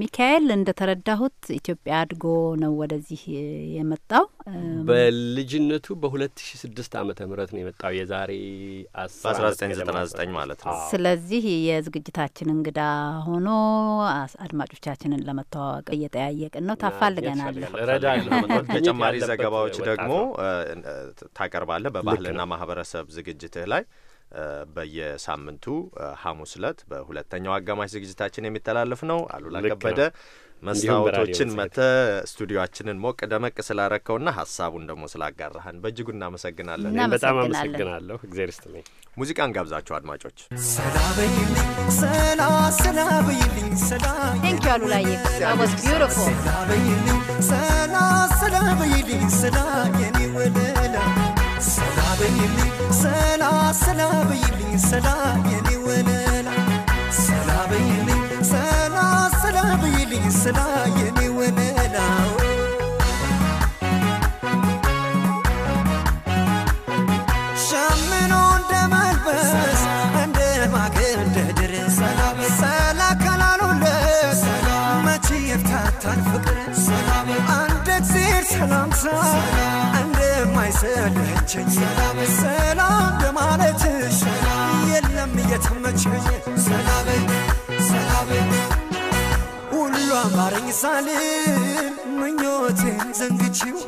ሚካኤል እንደ ተረዳሁት ኢትዮጵያ አድጎ ነው ወደዚህ የመጣው በልጅነቱ በሁለት ሺ ስድስት አመተ ምህረት ነው የመጣው የዛሬ አስራ ዘጠኝ ዘጠና ዘጠኝ ማለት ነው ስለዚህ የዝግጅታችን እንግዳ ሆኖ አድማጮቻችንን ለመተዋወቅ እየጠያየቅን ነው ረዳ ተጨማሪ ዘገባዎች ሌሎች ደግሞ ታቀርባለ በባህልና ማህበረሰብ ዝግጅትህ ላይ በየሳምንቱ ሐሙስ ለት በሁለተኛው አጋማሽ ዝግጅታችን የሚተላለፍ ነው። አሉላ ከበደ መስታወቶችን መተ ስቱዲዮችንን ሞቅ ደመቅ ስላረከውና ሀሳቡን ደግሞ ስላጋራህን በእጅጉ እናመሰግናለን። በጣም አመሰግናለሁ። እግዜር ይስጥልኝ። ሙዚቃን ጋብዛችሁ አድማጮች ሰላ ሰላ በይልኝ ሰላ የኔ ወለ ስላ የሚውንላው ሸምኖ እንደ መልበስ እንደ ማገደድር ሰላም ሰላ ከላሉለት መቼ የፍታታን ፍቅር አንድ እግዜር ሰላምታ እንደማይሰለቸኝ ሰላም በማለት የለም እየተመቸኝ ሰላም ሳልም ምኞቴን ዘንግቼው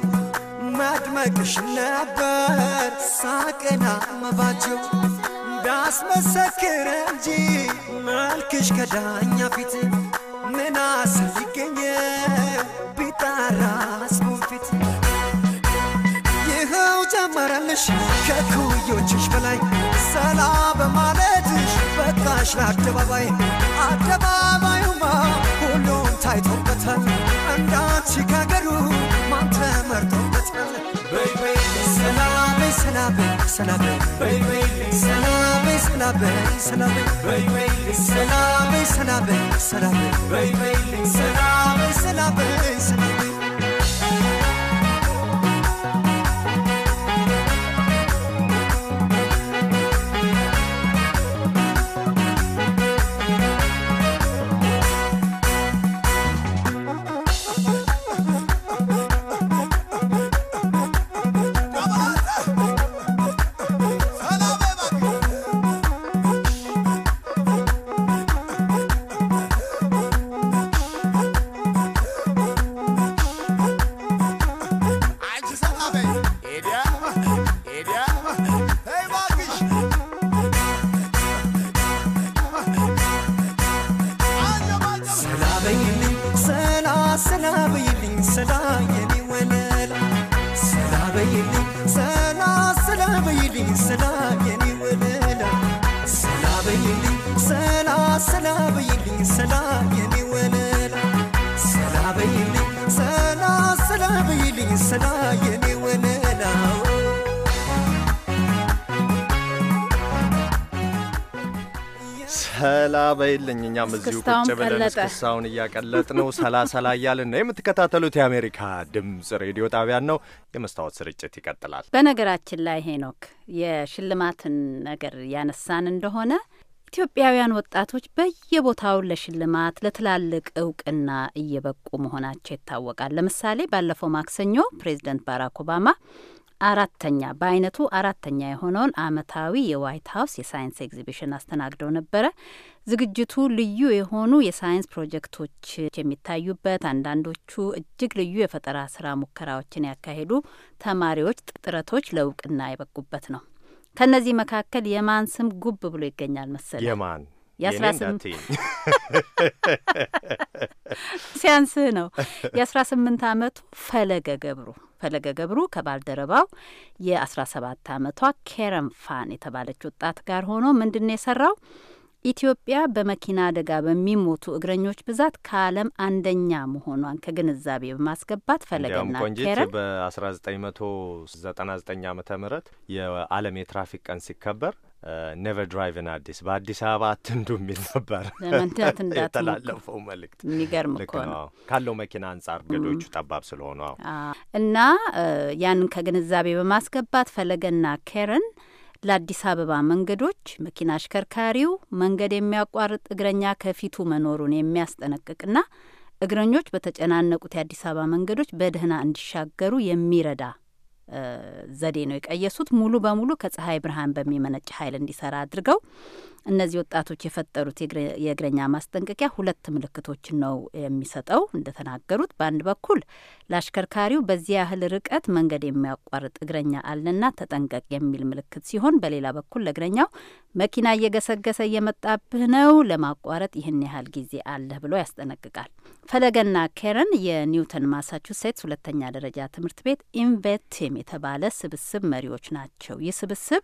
ማድመቅሽ ነበር ሳቅና መባቸው ዳስመሰክር እንጂ መልክሽ ከዳኛ ፊት ምናስ ሊገኘ ቢጣራ አስሙን ፊት ይኸው ጨመረልሽ ከኩዮችሽ በላይ ሰላ በማለትሽ በቃሽ ለአደባባይ አደባባዩማ ተመርጦበታል። አንዳች ከሀገሩ ማን ተመርጦበታል? ሰላሜ ሰላሜ ሰላሜ ሰላሜ ሰላሜ ሰላሜ ሰላሜ ሰላሜ ሰላሜ ሰላሜ ሰላሜ ሰላሜ እኛም እዚሁ ቁጭ ብለን እስክስታውን እያቀለጥ ነው ሰላሳ ላይ ነው የምትከታተሉት። የአሜሪካ ድምጽ ሬዲዮ ጣቢያን ነው። የመስታወት ስርጭት ይቀጥላል። በነገራችን ላይ ሄኖክ፣ የሽልማትን ነገር ያነሳን እንደሆነ ኢትዮጵያውያን ወጣቶች በየቦታው ለሽልማት ለትላልቅ እውቅና እየበቁ መሆናቸው ይታወቃል። ለምሳሌ ባለፈው ማክሰኞ ፕሬዚደንት ባራክ ኦባማ አራተኛ በአይነቱ አራተኛ የሆነውን አመታዊ የዋይት ሀውስ የሳይንስ ኤግዚቢሽን አስተናግደው ነበረ። ዝግጅቱ ልዩ የሆኑ የሳይንስ ፕሮጀክቶች የሚታዩበት፣ አንዳንዶቹ እጅግ ልዩ የፈጠራ ስራ ሙከራዎችን ያካሄዱ ተማሪዎች ጥረቶች ለእውቅና የበቁበት ነው። ከእነዚህ መካከል የማን ስም ጉብ ብሎ ይገኛል መሰለ? የማን የአስራ ስምንት ሲያንስህ ነው። የአስራ ስምንት አመቱ ፈለገ ገብሩ ፈለገ ገብሩ ከባልደረባው የ17 ዓመቷ ኬረን ፋን የተባለች ወጣት ጋር ሆኖ ምንድን የሰራው ኢትዮጵያ በመኪና አደጋ በሚሞቱ እግረኞች ብዛት ከዓለም አንደኛ መሆኗን ከግንዛቤ በማስገባት ፈለገና ኬረን በ1999 ዓ ም የዓለም የትራፊክ ቀን ሲከበር ኔቨር ድራይቭ ን አዲስ በአዲስ አበባ አትንዱ የሚል ነበር የተላለፈው መልእክት። የሚገርም እኮ ነው ካለው መኪና አንጻር ገዶቹ ጠባብ ስለሆኑ እና ያንን ከግንዛቤ በማስገባት ፈለገና ኬረን ለአዲስ አበባ መንገዶች መኪና አሽከርካሪው መንገድ የሚያቋርጥ እግረኛ ከፊቱ መኖሩን የሚያስጠነቅቅና እግረኞች በተጨናነቁት የአዲስ አበባ መንገዶች በደህና እንዲሻገሩ የሚረዳ ዘዴ ነው የቀየሱት። ሙሉ በሙሉ ከፀሐይ ብርሃን በሚመነጭ ኃይል እንዲሰራ አድርገው እነዚህ ወጣቶች የፈጠሩት የእግረኛ ማስጠንቀቂያ ሁለት ምልክቶችን ነው የሚሰጠው። እንደተናገሩት በአንድ በኩል ለአሽከርካሪው በዚህ ያህል ርቀት መንገድ የሚያቋርጥ እግረኛ አለና ተጠንቀቅ የሚል ምልክት ሲሆን፣ በሌላ በኩል ለእግረኛው መኪና እየገሰገሰ እየመጣብህ ነው፣ ለማቋረጥ ይህን ያህል ጊዜ አለህ ብሎ ያስጠነቅቃል። ፈለገና ኬረን የኒውተን ማሳቹሴትስ ሁለተኛ ደረጃ ትምህርት ቤት ኢንቬቲም የተባለ ስብስብ መሪዎች ናቸው። ይህ ስብስብ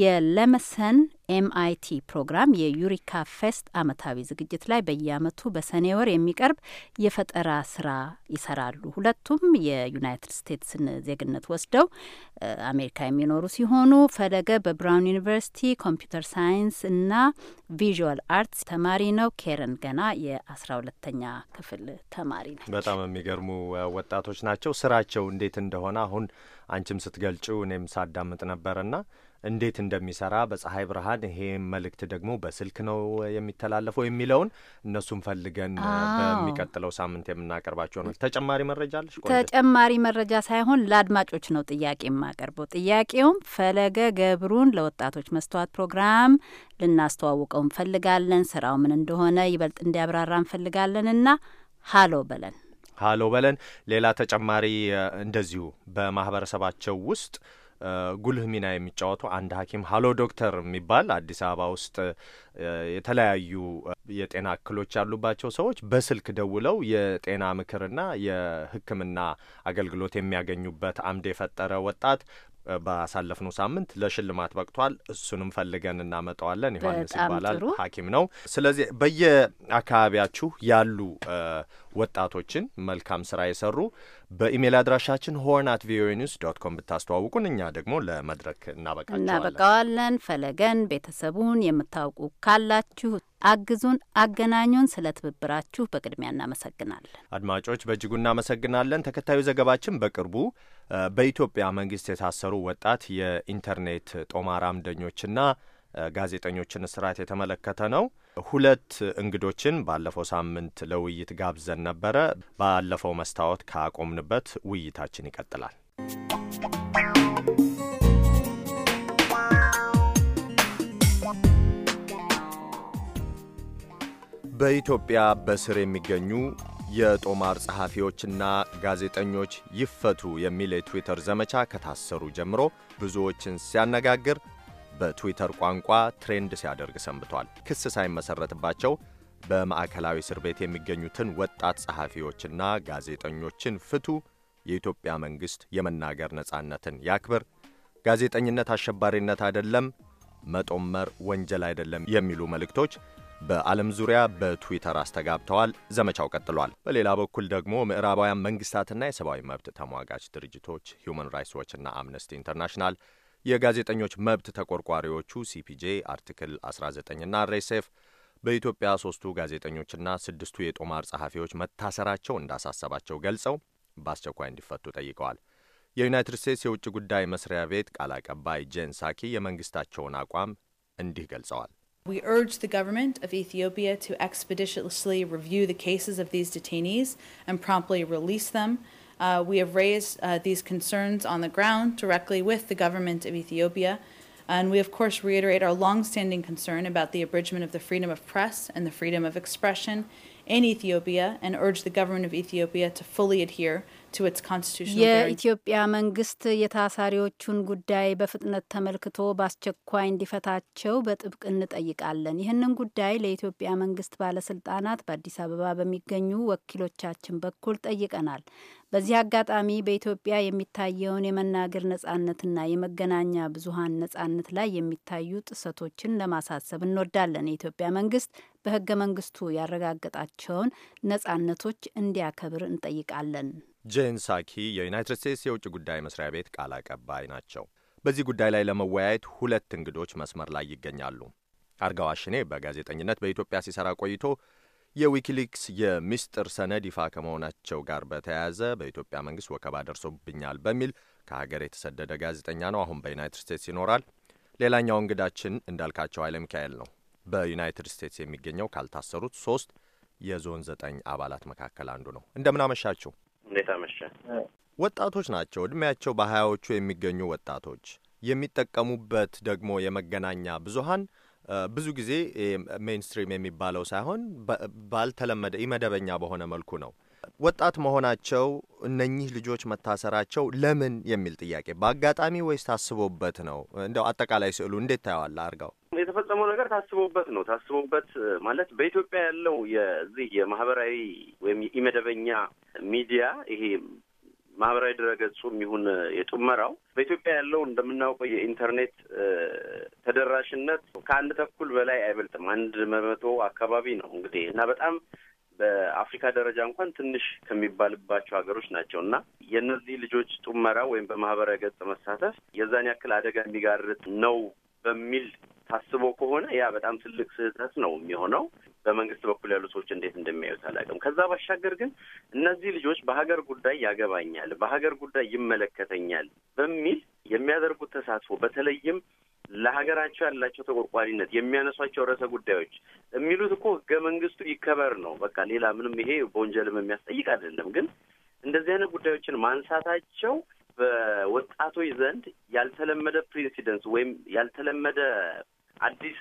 የለመሰን ኤምአይቲ ፕሮግራም የዩሪካ ፌስት አመታዊ ዝግጅት ላይ በየአመቱ በሰኔ ወር የሚቀርብ የፈጠራ ስራ ይሰራሉ። ሁለቱም የዩናይትድ ስቴትስን ዜግነት ወስደው አሜሪካ የሚኖሩ ሲሆኑ ፈለገ በብራውን ዩኒቨርሲቲ ኮምፒውተር ሳይንስ እና ቪዥዋል አርትስ ተማሪ ነው። ኬረን ገና የአስራ ሁለተኛ ክፍል ተማሪ ነች። በጣም የሚገርሙ ወጣቶች ናቸው። ስራቸው እንዴት እንደሆነ አሁን አንቺም ስትገልጩ እኔም ሳዳምጥ ነበርና እንዴት እንደሚሰራ በፀሐይ ብርሃን ይሄ መልእክት ደግሞ በስልክ ነው የሚተላለፈው የሚለውን እነሱን ፈልገን በሚቀጥለው ሳምንት የምናቀርባቸው ነው። ተጨማሪ መረጃ አለሽ? ተጨማሪ መረጃ ሳይሆን ለአድማጮች ነው ጥያቄ የማቀርበው። ጥያቄውም ፈለገ ገብሩን ለወጣቶች መስተዋት ፕሮግራም ልናስተዋውቀው እንፈልጋለን። ስራው ምን እንደሆነ ይበልጥ እንዲያብራራ እንፈልጋለንና ሀሎ በለን ሀሎ በለን። ሌላ ተጨማሪ እንደዚሁ በማህበረሰባቸው ውስጥ ጉልህ ሚና የሚጫወቱ አንድ ሐኪም ሀሎ ዶክተር የሚባል አዲስ አበባ ውስጥ የተለያዩ የጤና እክሎች ያሉባቸው ሰዎች በስልክ ደውለው የጤና ምክርና የሕክምና አገልግሎት የሚያገኙበት አምድ የፈጠረ ወጣት ባሳለፍነው ሳምንት ለሽልማት በቅቷል። እሱንም ፈልገን እናመጣዋለን። ዮሐንስ ይባላል፣ ሐኪም ነው። ስለዚህ በየአካባቢያችሁ ያሉ ወጣቶችን መልካም ስራ የሰሩ በኢሜይል አድራሻችን ሆርን አት ቪኦኤ ኒውስ ዶት ኮም ብታስተዋውቁን እኛ ደግሞ ለመድረክ እናበቃቸዋለን። ፈለገን፣ ቤተሰቡን የምታውቁ ካላችሁ አግዙን፣ አገናኙን። ስለ ትብብራችሁ በቅድሚያ እናመሰግናለን። አድማጮች በእጅጉ እናመሰግናለን። ተከታዩ ዘገባችን በቅርቡ በኢትዮጵያ መንግስት የታሰሩ ወጣት የኢንተርኔት ጦማር አምደኞችና ጋዜጠኞችን እስራት የተመለከተ ነው። ሁለት እንግዶችን ባለፈው ሳምንት ለውይይት ጋብዘን ነበረ። ባለፈው መስታወት ካቆምንበት ውይይታችን ይቀጥላል። በኢትዮጵያ በስር የሚገኙ የጦማር ጸሐፊዎችና ጋዜጠኞች ይፈቱ የሚል የትዊተር ዘመቻ ከታሰሩ ጀምሮ ብዙዎችን ሲያነጋግር በትዊተር ቋንቋ ትሬንድ ሲያደርግ ሰንብቷል። ክስ ሳይመሰረትባቸው በማዕከላዊ እስር ቤት የሚገኙትን ወጣት ጸሐፊዎችና ጋዜጠኞችን ፍቱ፣ የኢትዮጵያ መንግሥት የመናገር ነጻነትን ያክብር፣ ጋዜጠኝነት አሸባሪነት አይደለም፣ መጦመር ወንጀል አይደለም የሚሉ መልእክቶች በዓለም ዙሪያ በትዊተር አስተጋብተዋል። ዘመቻው ቀጥሏል። በሌላ በኩል ደግሞ ምዕራባውያን መንግስታትና የሰብአዊ መብት ተሟጋች ድርጅቶች ሁማን ራይትስ እና አምነስቲ ኢንተርናሽናል የጋዜጠኞች መብት ተቆርቋሪዎቹ ሲፒጄ፣ አርቲክል 19ና ሬሴፍ በኢትዮጵያ ሶስቱ ጋዜጠኞችና ስድስቱ የጦማር ጸሐፊዎች መታሰራቸው እንዳሳሰባቸው ገልጸው በአስቸኳይ እንዲፈቱ ጠይቀዋል። የዩናይትድ ስቴትስ የውጭ ጉዳይ መስሪያ ቤት ቃል አቀባይ ጄን ሳኪ የመንግስታቸውን አቋም እንዲህ ገልጸዋል። We urge the government of Ethiopia to expeditiously review the cases of these detainees and promptly release them. Uh, we have raised uh, these concerns on the ground directly with the government of Ethiopia. And we, of course, reiterate our longstanding concern about the abridgment of the freedom of press and the freedom of expression in Ethiopia and urge the government of Ethiopia to fully adhere የኢትዮጵያ መንግስት የታሳሪዎቹን ጉዳይ በፍጥነት ተመልክቶ በአስቸኳይ እንዲፈታቸው በጥብቅ እንጠይቃለን። ይህንን ጉዳይ ለኢትዮጵያ መንግስት ባለስልጣናት በአዲስ አበባ በሚገኙ ወኪሎቻችን በኩል ጠይቀናል። በዚህ አጋጣሚ በኢትዮጵያ የሚታየውን የመናገር ነጻነትና የመገናኛ ብዙሀን ነጻነት ላይ የሚታዩ ጥሰቶችን ለማሳሰብ እንወዳለን። የኢትዮጵያ መንግስት በህገ መንግስቱ ያረጋገጣቸውን ነጻነቶች እንዲያከብር እንጠይቃለን። ጄን ሳኪ የዩናይትድ ስቴትስ የውጭ ጉዳይ መስሪያ ቤት ቃል አቀባይ ናቸው። በዚህ ጉዳይ ላይ ለመወያየት ሁለት እንግዶች መስመር ላይ ይገኛሉ። አርጋው አሽኔ በጋዜጠኝነት በኢትዮጵያ ሲሰራ ቆይቶ የዊኪሊክስ የሚስጥር ሰነድ ይፋ ከመሆናቸው ጋር በተያያዘ በኢትዮጵያ መንግስት ወከባ ደርሶብኛል በሚል ከሀገር የተሰደደ ጋዜጠኛ ነው። አሁን በዩናይትድ ስቴትስ ይኖራል። ሌላኛው እንግዳችን እንዳልካቸው ኃይለ ሚካኤል ነው። በዩናይትድ ስቴትስ የሚገኘው ካልታሰሩት ሶስት የዞን ዘጠኝ አባላት መካከል አንዱ ነው። እንደምን አመሻችሁ? እንዴት አመሸ። ወጣቶች ናቸው። እድሜያቸው በሀያዎቹ የሚገኙ ወጣቶች የሚጠቀሙበት ደግሞ የመገናኛ ብዙሀን ብዙ ጊዜ ሜንስትሪም የሚባለው ሳይሆን ባልተለመደ ኢመደበኛ በሆነ መልኩ ነው ወጣት መሆናቸው እነኚህ ልጆች መታሰራቸው ለምን የሚል ጥያቄ በአጋጣሚ ወይስ ታስቦበት ነው? እንደው አጠቃላይ ስዕሉ እንዴት ታየዋለህ አርጋው? የተፈጸመው ነገር ታስቦበት ነው። ታስቦበት ማለት በኢትዮጵያ ያለው የዚህ የማህበራዊ ወይም የመደበኛ ሚዲያ ይሄ ማህበራዊ ድረገጹም ይሁን የጡመራው በኢትዮጵያ ያለው እንደምናውቀው የኢንተርኔት ተደራሽነት ከአንድ ተኩል በላይ አይበልጥም። አንድ መቶ አካባቢ ነው እንግዲህ እና በጣም በአፍሪካ ደረጃ እንኳን ትንሽ ከሚባልባቸው ሀገሮች ናቸው እና የእነዚህ ልጆች ጡመራ ወይም በማህበራዊ ገጽ መሳተፍ የዛን ያክል አደጋ የሚጋርጥ ነው በሚል ታስቦ ከሆነ ያ በጣም ትልቅ ስህተት ነው የሚሆነው። በመንግስት በኩል ያሉ ሰዎች እንዴት እንደሚያዩት አላውቅም። ከዛ ባሻገር ግን እነዚህ ልጆች በሀገር ጉዳይ ያገባኛል፣ በሀገር ጉዳይ ይመለከተኛል በሚል የሚያደርጉት ተሳትፎ በተለይም ለሀገራቸው ያላቸው ተቆርቋሪነት የሚያነሷቸው ርዕሰ ጉዳዮች የሚሉት እኮ ህገ መንግስቱ ይከበር ነው። በቃ ሌላ ምንም ይሄ በወንጀልም የሚያስጠይቅ አይደለም። ግን እንደዚህ አይነት ጉዳዮችን ማንሳታቸው በወጣቶች ዘንድ ያልተለመደ ፕሬሲደንስ ወይም ያልተለመደ አዲስ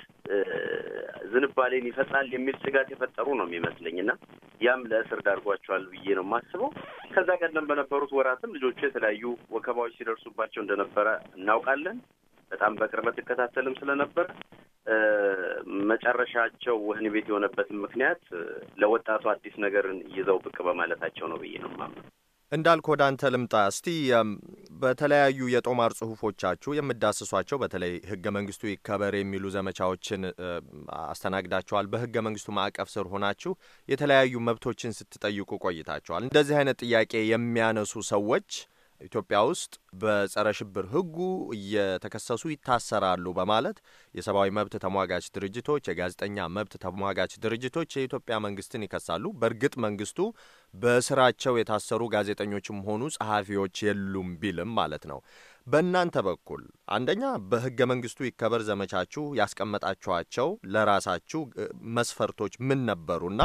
ዝንባሌን ይፈጥራል የሚል ስጋት የፈጠሩ ነው የሚመስለኝ እና ያም ለእስር ዳርጓቸዋል ብዬ ነው የማስበው። ከዛ ቀደም በነበሩት ወራትም ልጆቹ የተለያዩ ወከባዎች ሲደርሱባቸው እንደነበረ እናውቃለን። በጣም በቅርበት ይከታተልም ስለነበር መጨረሻቸው ወህኒ ቤት የሆነበትን ምክንያት ለወጣቱ አዲስ ነገርን ይዘው ብቅ በማለታቸው ነው ብዬ ነው ማምነው። እንዳልክ ወደ አንተ ልምጣ። እስቲ በተለያዩ የጦማር ጽሁፎቻችሁ የምዳስሷቸው በተለይ ህገ መንግስቱ ይከበር የሚሉ ዘመቻዎችን አስተናግዳችኋል። በህገ መንግስቱ ማዕቀፍ ስር ሆናችሁ የተለያዩ መብቶችን ስትጠይቁ ቆይታችኋል። እንደዚህ አይነት ጥያቄ የሚያነሱ ሰዎች ኢትዮጵያ ውስጥ በጸረ ሽብር ህጉ እየተከሰሱ ይታሰራሉ በማለት የሰብአዊ መብት ተሟጋች ድርጅቶች፣ የጋዜጠኛ መብት ተሟጋች ድርጅቶች የኢትዮጵያ መንግስትን ይከሳሉ። በእርግጥ መንግስቱ በስራቸው የታሰሩ ጋዜጠኞችም ሆኑ ጸሐፊዎች የሉም ቢልም ማለት ነው። በእናንተ በኩል አንደኛ በህገ መንግስቱ ይከበር ዘመቻችሁ ያስቀመጣችኋቸው ለራሳችሁ መስፈርቶች ምን ነበሩና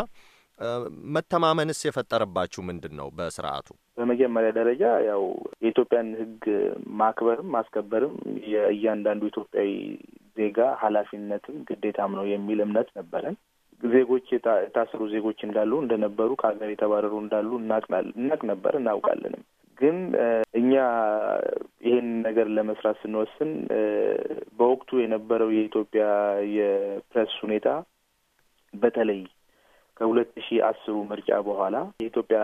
መተማመንስ የፈጠረባችሁ ምንድን ነው? በስርዓቱ በመጀመሪያ ደረጃ ያው የኢትዮጵያን ሕግ ማክበርም ማስከበርም የእያንዳንዱ ኢትዮጵያዊ ዜጋ ኃላፊነትም ግዴታም ነው የሚል እምነት ነበረን። ዜጎች የታሰሩ ዜጎች እንዳሉ እንደነበሩ ከሀገር የተባረሩ እንዳሉ እናቅ ነበር እናውቃለንም። ግን እኛ ይሄን ነገር ለመስራት ስንወስን በወቅቱ የነበረው የኢትዮጵያ የፕሬስ ሁኔታ በተለይ ከሁለት ሺ አስሩ ምርጫ በኋላ የኢትዮጵያ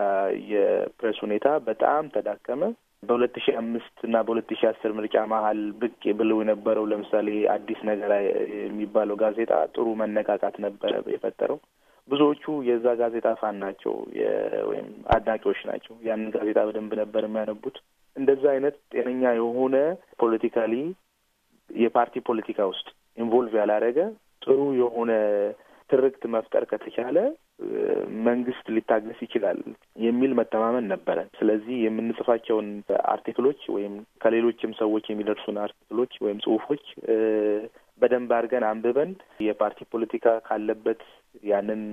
የፕሬስ ሁኔታ በጣም ተዳከመ። በሁለት ሺ አምስት እና በሁለት ሺ አስር ምርጫ መሀል ብቅ ብለው የነበረው ለምሳሌ አዲስ ነገር የሚባለው ጋዜጣ ጥሩ መነቃቃት ነበረ የፈጠረው። ብዙዎቹ የዛ ጋዜጣ ፋን ናቸው ወይም አድናቂዎች ናቸው። ያንን ጋዜጣ በደንብ ነበር የሚያነቡት። እንደዛ አይነት ጤነኛ የሆነ ፖለቲካሊ የፓርቲ ፖለቲካ ውስጥ ኢንቮልቭ ያላረገ ጥሩ የሆነ ትርክት መፍጠር ከተቻለ መንግስት ሊታገስ ይችላል የሚል መተማመን ነበረ ስለዚህ የምንጽፋቸውን አርቲክሎች ወይም ከሌሎችም ሰዎች የሚደርሱን አርቲክሎች ወይም ጽሁፎች በደንብ አድርገን አንብበን የፓርቲ ፖለቲካ ካለበት ያንን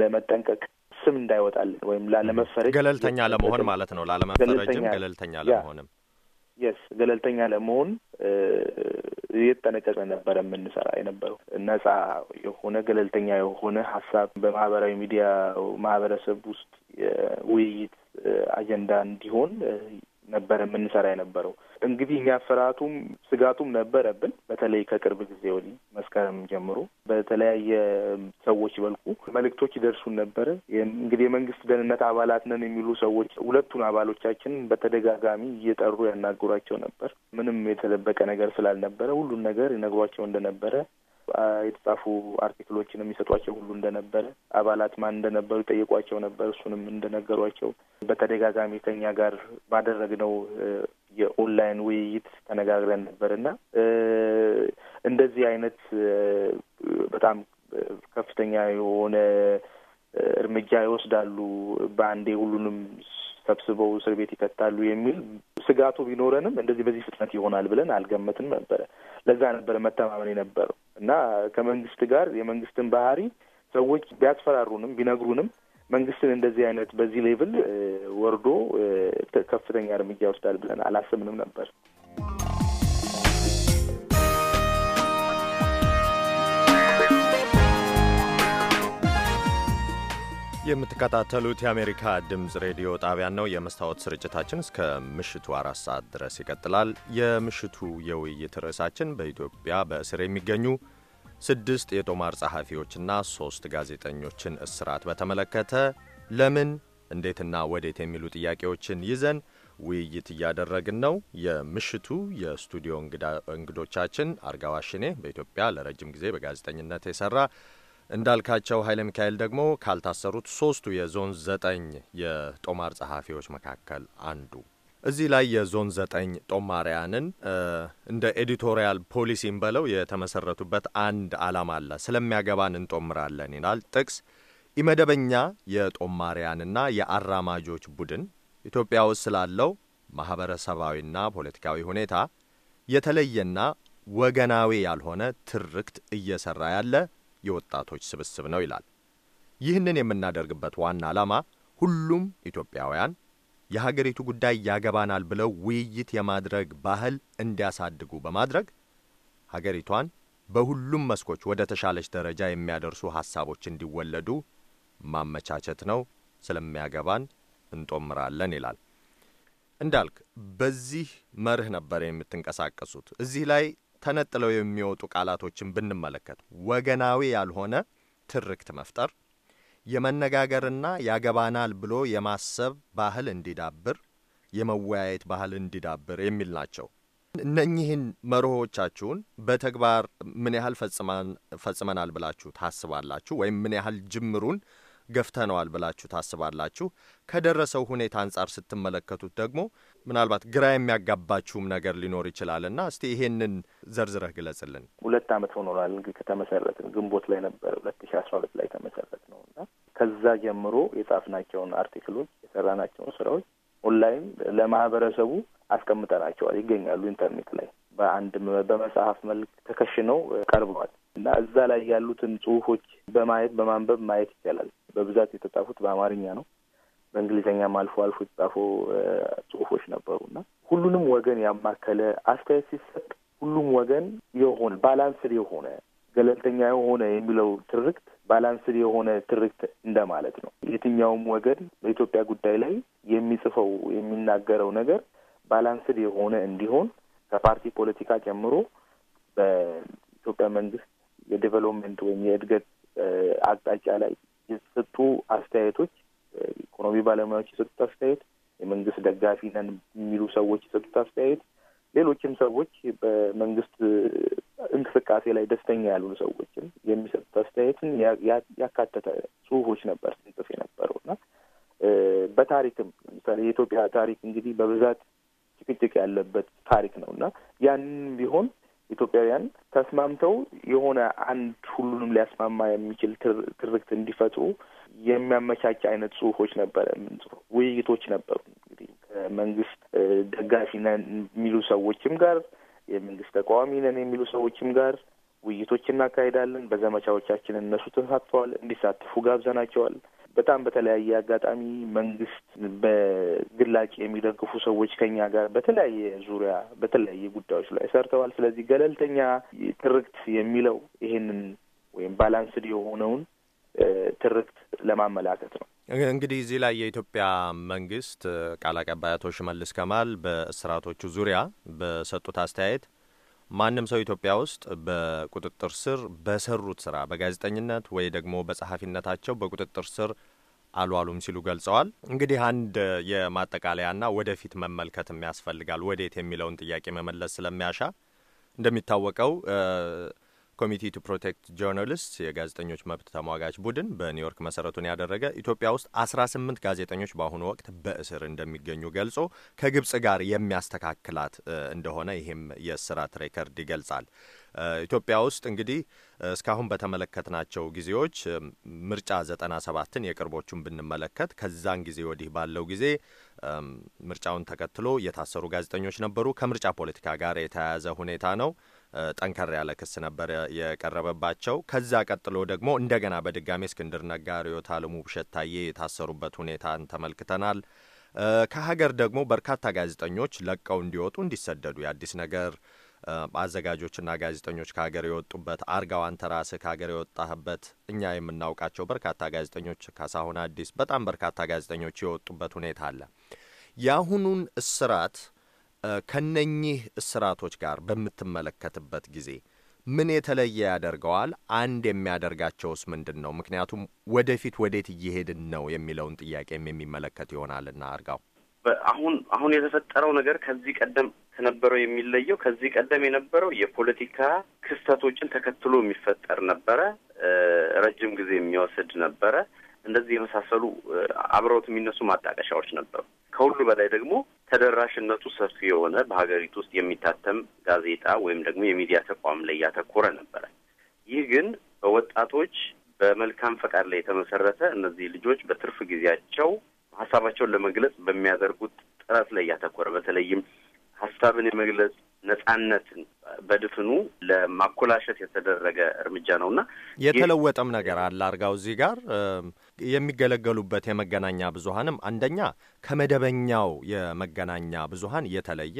ለመጠንቀቅ ስም እንዳይወጣልን ወይም ላለመፈረጅ ገለልተኛ ለመሆን ማለት ነው። ላለመፈረጅም ገለልተኛ ለመሆንም የስ ገለልተኛ ለመሆን እየተጠነቀቀ ነበረ የምንሰራ የነበረው። ነጻ የሆነ ገለልተኛ የሆነ ሀሳብ በማህበራዊ ሚዲያ ማህበረሰብ ውስጥ የውይይት አጀንዳ እንዲሆን ነበረ የምንሰራ የነበረው። እንግዲህ እኛ ፍርሃቱም ስጋቱም ነበረብን። በተለይ ከቅርብ ጊዜ ወዲህ መስከረም ጀምሮ በተለያየ ሰዎች በልኩ መልእክቶች ይደርሱን ነበረ። እንግዲህ የመንግስት ደህንነት አባላት ነን የሚሉ ሰዎች ሁለቱን አባሎቻችን በተደጋጋሚ እየጠሩ ያናግሯቸው ነበር። ምንም የተደበቀ ነገር ስላልነበረ ሁሉን ነገር ይነግሯቸው እንደነበረ የተጻፉ አርቲክሎችን የሚሰጧቸው ሁሉ እንደነበረ አባላት ማን እንደነበሩ ጠየቋቸው ነበር። እሱንም እንደነገሯቸው በተደጋጋሚ ከኛ ጋር ባደረግነው የኦንላይን ውይይት ተነጋግረን ነበር እና እንደዚህ አይነት በጣም ከፍተኛ የሆነ እርምጃ ይወስዳሉ፣ በአንዴ ሁሉንም ሰብስበው እስር ቤት ይከታሉ የሚል ስጋቱ ቢኖረንም እንደዚህ በዚህ ፍጥነት ይሆናል ብለን አልገመትም ነበረ። ለዛ ነበረ መተማመን የነበረው። እና ከመንግስት ጋር የመንግስትን ባህሪ ሰዎች ቢያስፈራሩንም ቢነግሩንም መንግስትን እንደዚህ አይነት በዚህ ሌቭል ወርዶ ከፍተኛ እርምጃ ይወስዳል ብለን አላስብንም ነበር። የምትከታተሉት የአሜሪካ ድምፅ ሬዲዮ ጣቢያን ነው። የመስታወት ስርጭታችን እስከ ምሽቱ አራት ሰዓት ድረስ ይቀጥላል። የምሽቱ የውይይት ርዕሳችን በኢትዮጵያ በእስር የሚገኙ ስድስት የጦማር ጸሐፊዎችና ሶስት ጋዜጠኞችን እስራት በተመለከተ ለምን እንዴትና ወዴት የሚሉ ጥያቄዎችን ይዘን ውይይት እያደረግን ነው። የምሽቱ የስቱዲዮ እንግዶቻችን አርጋዋሽኔ በኢትዮጵያ ለረጅም ጊዜ በጋዜጠኝነት የሰራ እንዳልካቸው ኃይለ ሚካኤል ደግሞ ካልታሰሩት ሶስቱ የዞን ዘጠኝ የጦማር ጸሐፊዎች መካከል አንዱ። እዚህ ላይ የዞን ዘጠኝ ጦማሪያንን እንደ ኤዲቶሪያል ፖሊሲም በለው የተመሰረቱበት አንድ ዓላማ አለ። ስለሚያገባን እንጦምራለን ይላል ጥቅስ። ኢመደበኛ የጦማሪያንና የአራማጆች ቡድን ኢትዮጵያ ውስጥ ስላለው ማኅበረሰባዊና ፖለቲካዊ ሁኔታ የተለየና ወገናዊ ያልሆነ ትርክት እየሰራ ያለ የወጣቶች ስብስብ ነው ይላል። ይህንን የምናደርግበት ዋና ዓላማ ሁሉም ኢትዮጵያውያን የሀገሪቱ ጉዳይ ያገባናል ብለው ውይይት የማድረግ ባህል እንዲያሳድጉ በማድረግ ሀገሪቷን በሁሉም መስኮች ወደ ተሻለች ደረጃ የሚያደርሱ ሐሳቦች እንዲወለዱ ማመቻቸት ነው። ስለሚያገባን እንጦምራለን ይላል። እንዳልክ በዚህ መርህ ነበር የምትንቀሳቀሱት። እዚህ ላይ ተነጥለው የሚወጡ ቃላቶችን ብንመለከት ወገናዊ ያልሆነ ትርክት መፍጠር፣ የመነጋገርና ያገባናል ብሎ የማሰብ ባህል እንዲዳብር፣ የመወያየት ባህል እንዲዳብር የሚል ናቸው። እነኚህን መርሆቻችሁን በተግባር ምን ያህል ፈጽመናል ብላችሁ ታስባላችሁ? ወይም ምን ያህል ጅምሩን ገፍተነዋል ብላችሁ ታስባላችሁ? ከደረሰው ሁኔታ አንጻር ስትመለከቱት ደግሞ ምናልባት ግራ የሚያጋባችሁም ነገር ሊኖር ይችላል እና እስቲ ይሄንን ዘርዝረህ ግለጽልን። ሁለት ዓመት ሆኖናል ከተመሰረትን፣ ግንቦት ላይ ነበር ሁለት ሺ አስራ ሁለት ላይ ተመሰረት ነው እና ከዛ ጀምሮ የጻፍናቸውን አርቲክሎች የሰራናቸውን ስራዎች ኦንላይን ለማህበረሰቡ አስቀምጠናቸዋል። ይገኛሉ ኢንተርኔት ላይ በአንድ በመጽሐፍ መልክ ተከሽነው ቀርበዋል እና እዛ ላይ ያሉትን ጽሁፎች በማየት በማንበብ ማየት ይቻላል። በብዛት የተጻፉት በአማርኛ ነው። በእንግሊዝኛም አልፎ አልፎ የተጻፉ ጽሁፎች ነበሩ እና ሁሉንም ወገን ያማከለ አስተያየት ሲሰጥ ሁሉም ወገን የሆነ ባላንስድ የሆነ ገለልተኛ የሆነ የሚለው ትርክት ባላንስድ የሆነ ትርክት እንደማለት ነው። የትኛውም ወገን በኢትዮጵያ ጉዳይ ላይ የሚጽፈው የሚናገረው ነገር ባላንስድ የሆነ እንዲሆን ከፓርቲ ፖለቲካ ጀምሮ በኢትዮጵያ መንግስት የዴቨሎፕመንት ወይም የእድገት አቅጣጫ ላይ የተሰጡ አስተያየቶች፣ ኢኮኖሚ ባለሙያዎች የሰጡት አስተያየት፣ የመንግስት ደጋፊ ነን የሚሉ ሰዎች የሰጡት አስተያየት፣ ሌሎችም ሰዎች በመንግስት እንቅስቃሴ ላይ ደስተኛ ያሉ ሰዎችም የሚሰጡት አስተያየትን ያካተተ ጽሁፎች ነበር ስንጽፍ የነበረው እና በታሪክም ለምሳሌ የኢትዮጵያ ታሪክ እንግዲህ በብዛት ጭቅጭቅ ያለበት ታሪክ ነው እና ያንን ቢሆን ኢትዮጵያውያን ተስማምተው የሆነ አንድ ሁሉንም ሊያስማማ የሚችል ትርክት እንዲፈጡ የሚያመቻች አይነት ጽሁፎች ነበረ የምንጽፈው። ውይይቶች ነበሩ እንግዲህ ከመንግስት ደጋፊ ነን የሚሉ ሰዎችም ጋር የመንግስት ተቃዋሚ ነን የሚሉ ሰዎችም ጋር ውይይቶች እናካሄዳለን። በዘመቻዎቻችን እነሱ ተሳትፈዋል፣ እንዲሳተፉ ጋብዘናቸዋል። በጣም በተለያየ አጋጣሚ መንግስት በግላጭ የሚደግፉ ሰዎች ከኛ ጋር በተለያየ ዙሪያ በተለያየ ጉዳዮች ላይ ሰርተዋል። ስለዚህ ገለልተኛ ትርክት የሚለው ይሄንን ወይም ባላንስድ የሆነውን ትርክት ለማመላከት ነው። እንግዲህ እዚህ ላይ የኢትዮጵያ መንግስት ቃል አቀባይ አቶ ሽመልስ ከማል በእስራቶቹ ዙሪያ በሰጡት አስተያየት ማንም ሰው ኢትዮጵያ ውስጥ በቁጥጥር ስር በሰሩት ስራ በጋዜጠኝነት ወይ ደግሞ በጸሐፊነታቸው በቁጥጥር ስር አሉም ሲሉ ገልጸዋል። እንግዲህ አንድ የማጠቃለያና ወደፊት መመልከትም ያስፈልጋል ወዴት የሚለውን ጥያቄ መመለስ ስለሚያሻ እንደሚታወቀው ኮሚቴ ቱ ፕሮቴክት ጆርናሊስት የጋዜጠኞች መብት ተሟጋች ቡድን በኒውዮርክ መሰረቱን ያደረገ ኢትዮጵያ ውስጥ 18 ጋዜጠኞች በአሁኑ ወቅት በእስር እንደሚገኙ ገልጾ ከግብጽ ጋር የሚያስተካክላት እንደሆነ ይህም የእስራት ሬከርድ ይገልጻል። ኢትዮጵያ ውስጥ እንግዲህ እስካሁን በተመለከትናቸው ጊዜዎች ምርጫ ዘጠና ሰባትን የቅርቦቹን ብንመለከት ከዛን ጊዜ ወዲህ ባለው ጊዜ ምርጫውን ተከትሎ የታሰሩ ጋዜጠኞች ነበሩ። ከምርጫ ፖለቲካ ጋር የተያያዘ ሁኔታ ነው። ጠንከር ያለ ክስ ነበር የቀረበባቸው። ከዛ ቀጥሎ ደግሞ እንደገና በድጋሚ እስክንድር ነጋ፣ ርዕዮት አለሙ፣ ውብሸት ታዬ የታሰሩበት ሁኔታን ተመልክተናል። ከሀገር ደግሞ በርካታ ጋዜጠኞች ለቀው እንዲወጡ እንዲሰደዱ የአዲስ ነገር አዘጋጆችና ጋዜጠኞች ከሀገር የወጡበት አርጋው አንተ ራስህ ከሀገር የወጣህበት እኛ የምናውቃቸው በርካታ ጋዜጠኞች ካሳሁን አዲስ፣ በጣም በርካታ ጋዜጠኞች የወጡበት ሁኔታ አለ። የአሁኑን እስራት ከነኚህ እስራቶች ጋር በምትመለከትበት ጊዜ ምን የተለየ ያደርገዋል? አንድ የሚያደርጋቸውስ ምንድን ነው? ምክንያቱም ወደፊት ወዴት እየሄድን ነው የሚለውን ጥያቄም የሚመለከት ይሆናልና አርጋው አሁን አሁን የተፈጠረው ነገር ከዚህ ቀደም ከነበረው የሚለየው ከዚህ ቀደም የነበረው የፖለቲካ ክስተቶችን ተከትሎ የሚፈጠር ነበረ። ረጅም ጊዜ የሚወስድ ነበረ። እንደዚህ የመሳሰሉ አብረውት የሚነሱ ማጣቀሻዎች ነበሩ። ከሁሉ በላይ ደግሞ ተደራሽነቱ ሰፊ የሆነ በሀገሪቱ ውስጥ የሚታተም ጋዜጣ ወይም ደግሞ የሚዲያ ተቋም ላይ ያተኮረ ነበረ። ይህ ግን በወጣቶች በመልካም ፈቃድ ላይ የተመሰረተ እነዚህ ልጆች በትርፍ ጊዜያቸው ሀሳባቸውን ለመግለጽ በሚያደርጉት ጥረት ላይ ያተኮረ በተለይም ሀሳብን የመግለጽ ነጻነትን በድፍኑ ለማኮላሸት የተደረገ እርምጃ ነው እና የተለወጠም ነገር አለ። አርጋው እዚህ ጋር የሚገለገሉበት የመገናኛ ብዙሀንም አንደኛ ከመደበኛው የመገናኛ ብዙሀን የተለየ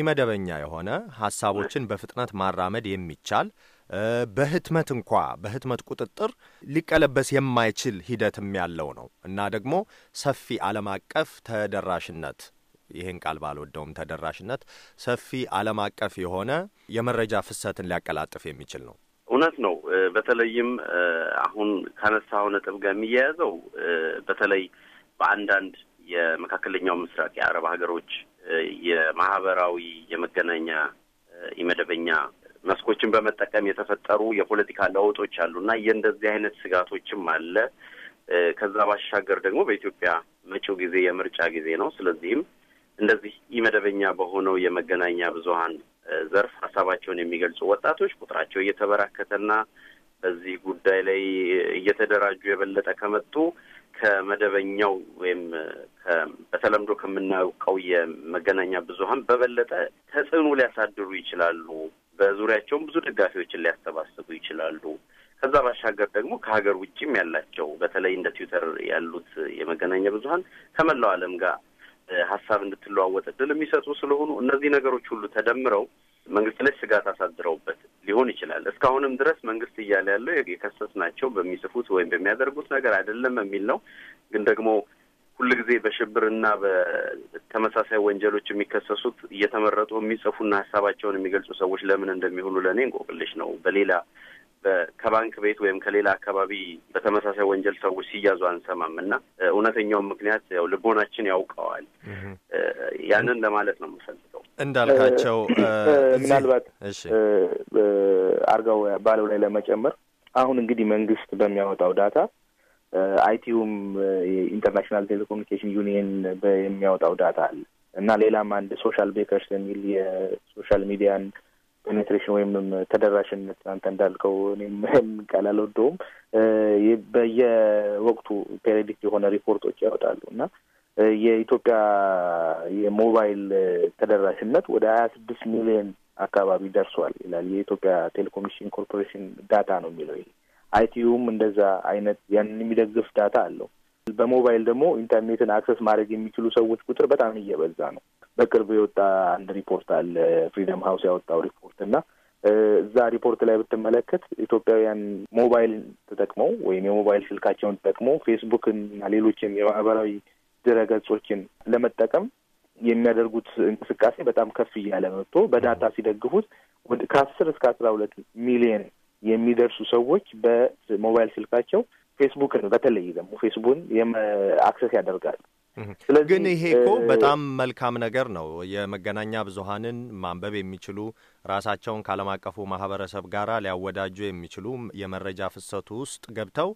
ኢመደበኛ የሆነ ሀሳቦችን በፍጥነት ማራመድ የሚቻል በህትመት እንኳ በህትመት ቁጥጥር ሊቀለበስ የማይችል ሂደትም ያለው ነው እና ደግሞ ሰፊ ዓለም አቀፍ ተደራሽነት ይህን ቃል ባልወደውም ተደራሽነት ሰፊ ዓለም አቀፍ የሆነ የመረጃ ፍሰትን ሊያቀላጥፍ የሚችል ነው። እውነት ነው። በተለይም አሁን ከነሳው ነጥብ ጋር የሚያያዘው በተለይ በአንዳንድ የመካከለኛው ምስራቅ የአረብ ሀገሮች የማህበራዊ የመገናኛ የመደበኛ መስኮችን በመጠቀም የተፈጠሩ የፖለቲካ ለውጦች አሉና የእንደዚህ አይነት ስጋቶችም አለ። ከዛ ባሻገር ደግሞ በኢትዮጵያ መጪው ጊዜ የምርጫ ጊዜ ነው። ስለዚህም እንደዚህ ኢመደበኛ በሆነው የመገናኛ ብዙሀን ዘርፍ ሀሳባቸውን የሚገልጹ ወጣቶች ቁጥራቸው እየተበራከተና በዚህ ጉዳይ ላይ እየተደራጁ የበለጠ ከመጡ ከመደበኛው ወይም በተለምዶ ከምናውቀው የመገናኛ ብዙሀን በበለጠ ተጽዕኖ ሊያሳድሩ ይችላሉ። በዙሪያቸውም ብዙ ደጋፊዎችን ሊያሰባስቡ ይችላሉ። ከዛ ባሻገር ደግሞ ከሀገር ውጭም ያላቸው በተለይ እንደ ትዊተር ያሉት የመገናኛ ብዙሀን ከመላው ዓለም ጋር ሀሳብ እንድትለዋወጥ እድል የሚሰጡ ስለሆኑ እነዚህ ነገሮች ሁሉ ተደምረው መንግስት ላይ ስጋት አሳድረውበት ሊሆን ይችላል። እስካሁንም ድረስ መንግስት እያለ ያለው የከሰስ ናቸው በሚጽፉት ወይም በሚያደርጉት ነገር አይደለም የሚል ነው። ግን ደግሞ ጊዜ በሽብርና በተመሳሳይ ወንጀሎች የሚከሰሱት እየተመረጡ የሚጽፉና ሀሳባቸውን የሚገልጹ ሰዎች ለምን እንደሚሆኑ ለእኔ እንቆቅልሽ ነው። በሌላ ከባንክ ቤት ወይም ከሌላ አካባቢ በተመሳሳይ ወንጀል ሰዎች ሲያዙ አንሰማም እና እውነተኛውን ምክንያት ያው ልቦናችን ያውቀዋል። ያንን ለማለት ነው የምፈልገው። እንዳልካቸው ምናልባት አርጋው ባለው ላይ ለመጨመር አሁን እንግዲህ መንግስት በሚያወጣው ዳታ አይቲዩም የኢንተርናሽናል ቴሌኮሙኒኬሽን ዩኒየን የሚያወጣው ዳታ አለ እና ሌላም አንድ ሶሻል ቤከርስ የሚል የሶሻል ሚዲያን ፔኔትሬሽን ወይም ተደራሽነት አንተ እንዳልከው እኔም ቃል አልወደውም። በየወቅቱ ፔሬዲክ የሆነ ሪፖርቶች ያወጣሉ እና የኢትዮጵያ የሞባይል ተደራሽነት ወደ ሀያ ስድስት ሚሊዮን አካባቢ ደርሷል ይላል የኢትዮጵያ ቴሌኮሚኒኬሽን ኮርፖሬሽን ዳታ ነው የሚለው። ይሄ አይቲዩም እንደዛ አይነት ያንን የሚደግፍ ዳታ አለው። በሞባይል ደግሞ ኢንተርኔትን አክሰስ ማድረግ የሚችሉ ሰዎች ቁጥር በጣም እየበዛ ነው። በቅርብ የወጣ አንድ ሪፖርት አለ ፍሪደም ሀውስ ያወጣው ሪፖርት እና እዛ ሪፖርት ላይ ብትመለከት ኢትዮጵያውያን ሞባይል ተጠቅመው ወይም የሞባይል ስልካቸውን ተጠቅመው ፌስቡክን እና ሌሎችም የማህበራዊ ድረገጾችን ለመጠቀም የሚያደርጉት እንቅስቃሴ በጣም ከፍ እያለ መጥቶ በዳታ ሲደግፉት ከአስር እስከ አስራ ሁለት ሚሊየን የሚደርሱ ሰዎች በሞባይል ስልካቸው ፌስቡክን በተለይ ደግሞ ፌስቡክን አክሰስ ያደርጋሉ። ግን ይሄ እኮ በጣም መልካም ነገር ነው። የመገናኛ ብዙሀንን ማንበብ የሚችሉ ራሳቸውን ከዓለም አቀፉ ማህበረሰብ ጋር ሊያወዳጁ የሚችሉ የመረጃ ፍሰቱ ውስጥ ገብተው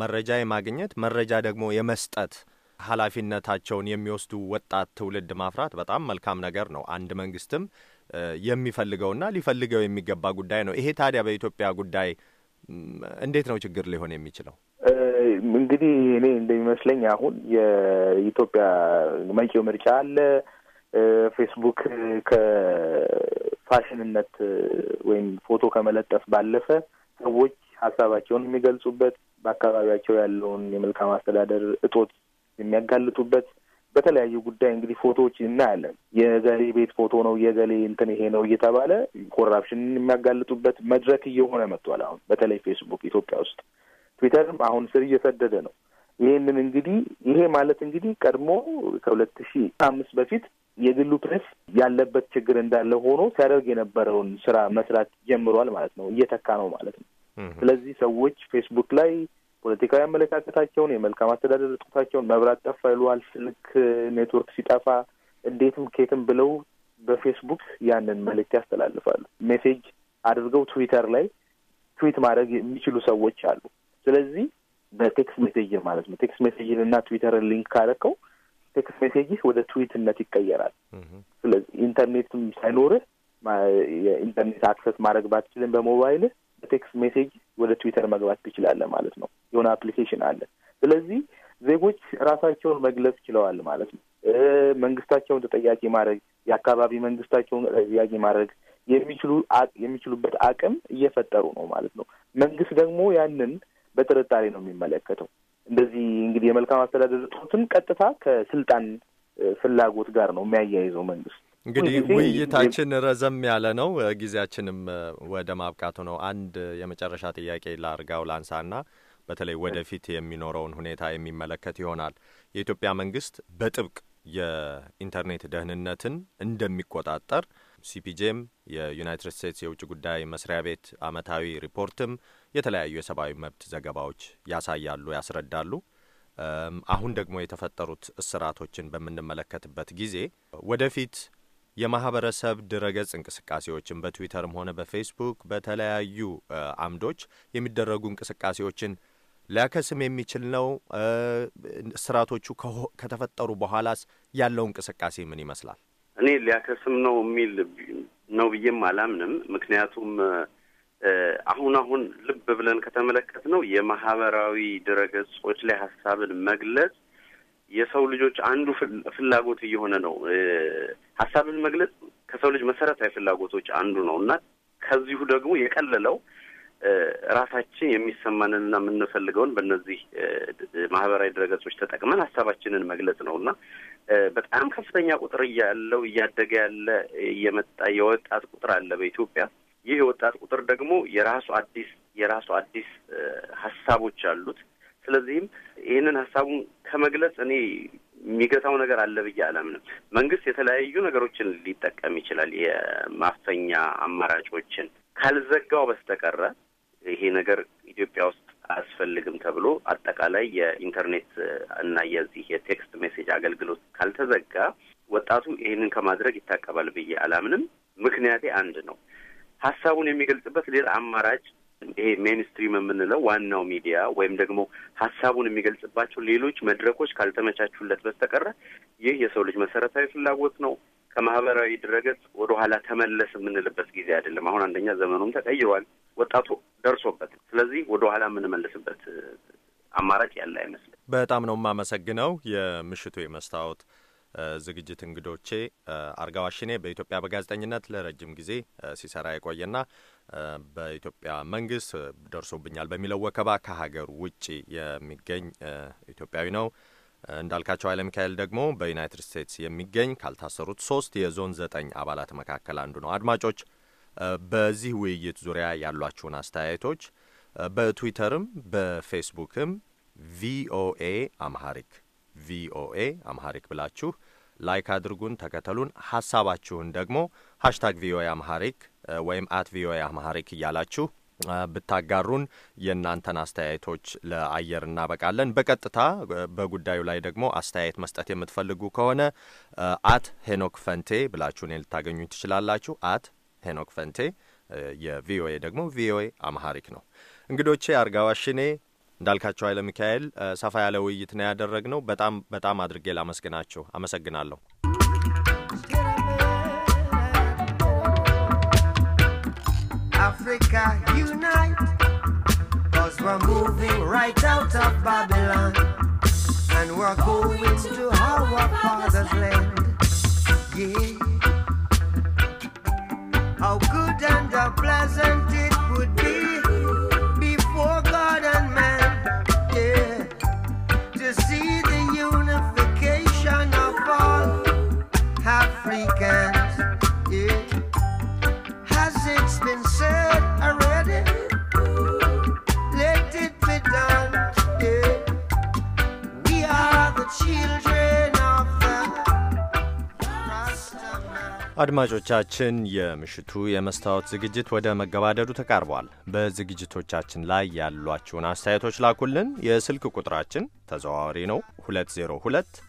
መረጃ የማግኘት መረጃ ደግሞ የመስጠት ኃላፊነታቸውን የሚወስዱ ወጣት ትውልድ ማፍራት በጣም መልካም ነገር ነው። አንድ መንግስትም የሚፈልገውና ሊፈልገው የሚገባ ጉዳይ ነው። ይሄ ታዲያ በኢትዮጵያ ጉዳይ እንዴት ነው ችግር ሊሆን የሚችለው? እንግዲህ እኔ እንደሚመስለኝ አሁን የኢትዮጵያ መጪው ምርጫ አለ። ፌስቡክ ከፋሽንነት ወይም ፎቶ ከመለጠፍ ባለፈ ሰዎች ሀሳባቸውን የሚገልጹበት በአካባቢያቸው ያለውን የመልካም አስተዳደር እጦት የሚያጋልጡበት በተለያዩ ጉዳይ እንግዲህ ፎቶዎች እናያለን። የገሌ ቤት ፎቶ ነው፣ የገሌ እንትን ይሄ ነው እየተባለ ኮራፕሽንን የሚያጋልጡበት መድረክ እየሆነ መጥቷል። አሁን በተለይ ፌስቡክ ኢትዮጵያ ውስጥ ትዊተርም አሁን ስር እየሰደደ ነው። ይህንን እንግዲህ ይሄ ማለት እንግዲህ ቀድሞ ከሁለት ሺ አምስት በፊት የግሉ ፕሬስ ያለበት ችግር እንዳለ ሆኖ ሲያደርግ የነበረውን ስራ መስራት ጀምሯል ማለት ነው። እየተካ ነው ማለት ነው። ስለዚህ ሰዎች ፌስቡክ ላይ ፖለቲካዊ አመለካከታቸውን፣ የመልካም አስተዳደር እጦታቸውን መብራት ጠፋ ይሏል ስልክ ኔትወርክ ሲጠፋ እንዴትም ኬትም ብለው በፌስቡክ ያንን መልእክት ያስተላልፋሉ። ሜሴጅ አድርገው ትዊተር ላይ ትዊት ማድረግ የሚችሉ ሰዎች አሉ። ስለዚህ በቴክስት ሜሴጅ ማለት ነው። ቴክስት ሜሴጅን እና ትዊተርን ሊንክ ካደረከው ቴክስት ሜሴጅህ ወደ ትዊትነት ይቀየራል። ስለዚህ ኢንተርኔትም ሳይኖርህ የኢንተርኔት አክሰስ ማድረግ ባትችልም በሞባይልህ በቴክስት ሜሴጅ ወደ ትዊተር መግባት ትችላለህ ማለት ነው። የሆነ አፕሊኬሽን አለ። ስለዚህ ዜጎች ራሳቸውን መግለጽ ችለዋል ማለት ነው። መንግስታቸውን ተጠያቂ ማድረግ፣ የአካባቢ መንግስታቸውን ተጠያቂ ማድረግ የሚችሉ የሚችሉበት አቅም እየፈጠሩ ነው ማለት ነው። መንግስት ደግሞ ያንን በጥርጣሬ ነው የሚመለከተው። እንደዚህ እንግዲህ የመልካም አስተዳደር እጦትን ቀጥታ ከስልጣን ፍላጎት ጋር ነው የሚያያይዘው መንግስት። እንግዲህ ውይይታችን ረዘም ያለ ነው፣ ጊዜያችንም ወደ ማብቃቱ ነው። አንድ የመጨረሻ ጥያቄ ላርጋው ላንሳና በተለይ ወደፊት የሚኖረውን ሁኔታ የሚመለከት ይሆናል። የኢትዮጵያ መንግስት በጥብቅ የኢንተርኔት ደህንነትን እንደሚቆጣጠር ሲፒጄም የዩናይትድ ስቴትስ የውጭ ጉዳይ መስሪያ ቤት አመታዊ ሪፖርትም የተለያዩ የሰብአዊ መብት ዘገባዎች ያሳያሉ፣ ያስረዳሉ። አሁን ደግሞ የተፈጠሩት እስራቶችን በምንመለከትበት ጊዜ ወደፊት የማህበረሰብ ድረገጽ እንቅስቃሴዎችን በትዊተርም ሆነ በፌስቡክ በተለያዩ አምዶች የሚደረጉ እንቅስቃሴዎችን ሊያከስም የሚችል ነው። እስራቶቹ ከተፈጠሩ በኋላስ ያለው እንቅስቃሴ ምን ይመስላል? እኔ ሊያከስም ነው የሚል ነው ብዬም አላምንም። ምክንያቱም አሁን አሁን ልብ ብለን ከተመለከት ነው የማህበራዊ ድረገጾች ላይ ሀሳብን መግለጽ የሰው ልጆች አንዱ ፍላጎት እየሆነ ነው። ሀሳብን መግለጽ ከሰው ልጅ መሰረታዊ ፍላጎቶች አንዱ ነው እና ከዚሁ ደግሞ የቀለለው ራሳችን የሚሰማንንና የምንፈልገውን በእነዚህ ማህበራዊ ድረገጾች ተጠቅመን ሀሳባችንን መግለጽ ነው እና በጣም ከፍተኛ ቁጥር እያለው እያደገ ያለ እየመጣ የወጣት ቁጥር አለ በኢትዮጵያ ይህ የወጣት ቁጥር ደግሞ የራሱ አዲስ የራሱ አዲስ ሀሳቦች አሉት። ስለዚህም ይህንን ሀሳቡን ከመግለጽ እኔ የሚገታው ነገር አለ ብዬ አላምንም። መንግስት የተለያዩ ነገሮችን ሊጠቀም ይችላል፣ የማፈኛ አማራጮችን ካልዘጋው በስተቀረ ይሄ ነገር ኢትዮጵያ ውስጥ አያስፈልግም ተብሎ አጠቃላይ የኢንተርኔት እና የዚህ የቴክስት ሜሴጅ አገልግሎት ካልተዘጋ ወጣቱ ይህንን ከማድረግ ይታቀባል ብዬ አላምንም። ምክንያቴ አንድ ነው። ሀሳቡን የሚገልጽበት ሌላ አማራጭ ይሄ ሜንስትሪም የምንለው ዋናው ሚዲያ ወይም ደግሞ ሀሳቡን የሚገልጽባቸው ሌሎች መድረኮች ካልተመቻቹለት በስተቀረ ይህ የሰው ልጅ መሰረታዊ ፍላጎት ነው። ከማህበራዊ ድረገጽ ወደ ኋላ ተመለስ የምንልበት ጊዜ አይደለም። አሁን አንደኛ ዘመኑም ተቀይሯል፣ ወጣቱ ደርሶበት። ስለዚህ ወደ ኋላ የምንመልስበት አማራጭ ያለ አይመስልም። በጣም ነው የማመሰግነው የምሽቱ የመስታወት ዝግጅት እንግዶቼ አርጋዋሽኔ በኢትዮጵያ በጋዜጠኝነት ለረጅም ጊዜ ሲሰራ የቆየና በኢትዮጵያ መንግስት ደርሶብኛል በሚለው ወከባ ከሀገር ውጭ የሚገኝ ኢትዮጵያዊ ነው። እንዳልካቸው ኃይለ ሚካኤል ደግሞ በዩናይትድ ስቴትስ የሚገኝ ካልታሰሩት ሶስት የዞን ዘጠኝ አባላት መካከል አንዱ ነው። አድማጮች በዚህ ውይይት ዙሪያ ያሏችሁን አስተያየቶች በትዊተርም በፌስቡክም ቪኦኤ አምሃሪክ ቪኦኤ አምሃሪክ ብላችሁ ላይክ አድርጉን፣ ተከተሉን። ሀሳባችሁን ደግሞ ሀሽታግ ቪኦኤ አምሃሪክ ወይም አት ቪኦኤ አምሃሪክ እያላችሁ ብታጋሩን የእናንተን አስተያየቶች ለአየር እናበቃለን። በቀጥታ በጉዳዩ ላይ ደግሞ አስተያየት መስጠት የምትፈልጉ ከሆነ አት ሄኖክ ፈንቴ ብላችሁ እኔን ልታገኙ ትችላላችሁ። አት ሄኖክ ፈንቴ የቪኦኤ ደግሞ ቪኦኤ አምሃሪክ ነው። እንግዶቼ አርጋዋሽኔ እንዳልካቸው ኃይለ ሚካኤል ሰፋ ያለ ውይይት ነው ያደረግነው። በጣም በጣም አድርጌ ላመስግናችሁ፣ አመሰግናለሁ። How good and how pleasant it አድማጮቻችን የምሽቱ የመስታወት ዝግጅት ወደ መገባደዱ ተቃርቧል። በዝግጅቶቻችን ላይ ያሏችሁን አስተያየቶች ላኩልን። የስልክ ቁጥራችን ተዘዋዋሪ ነው 202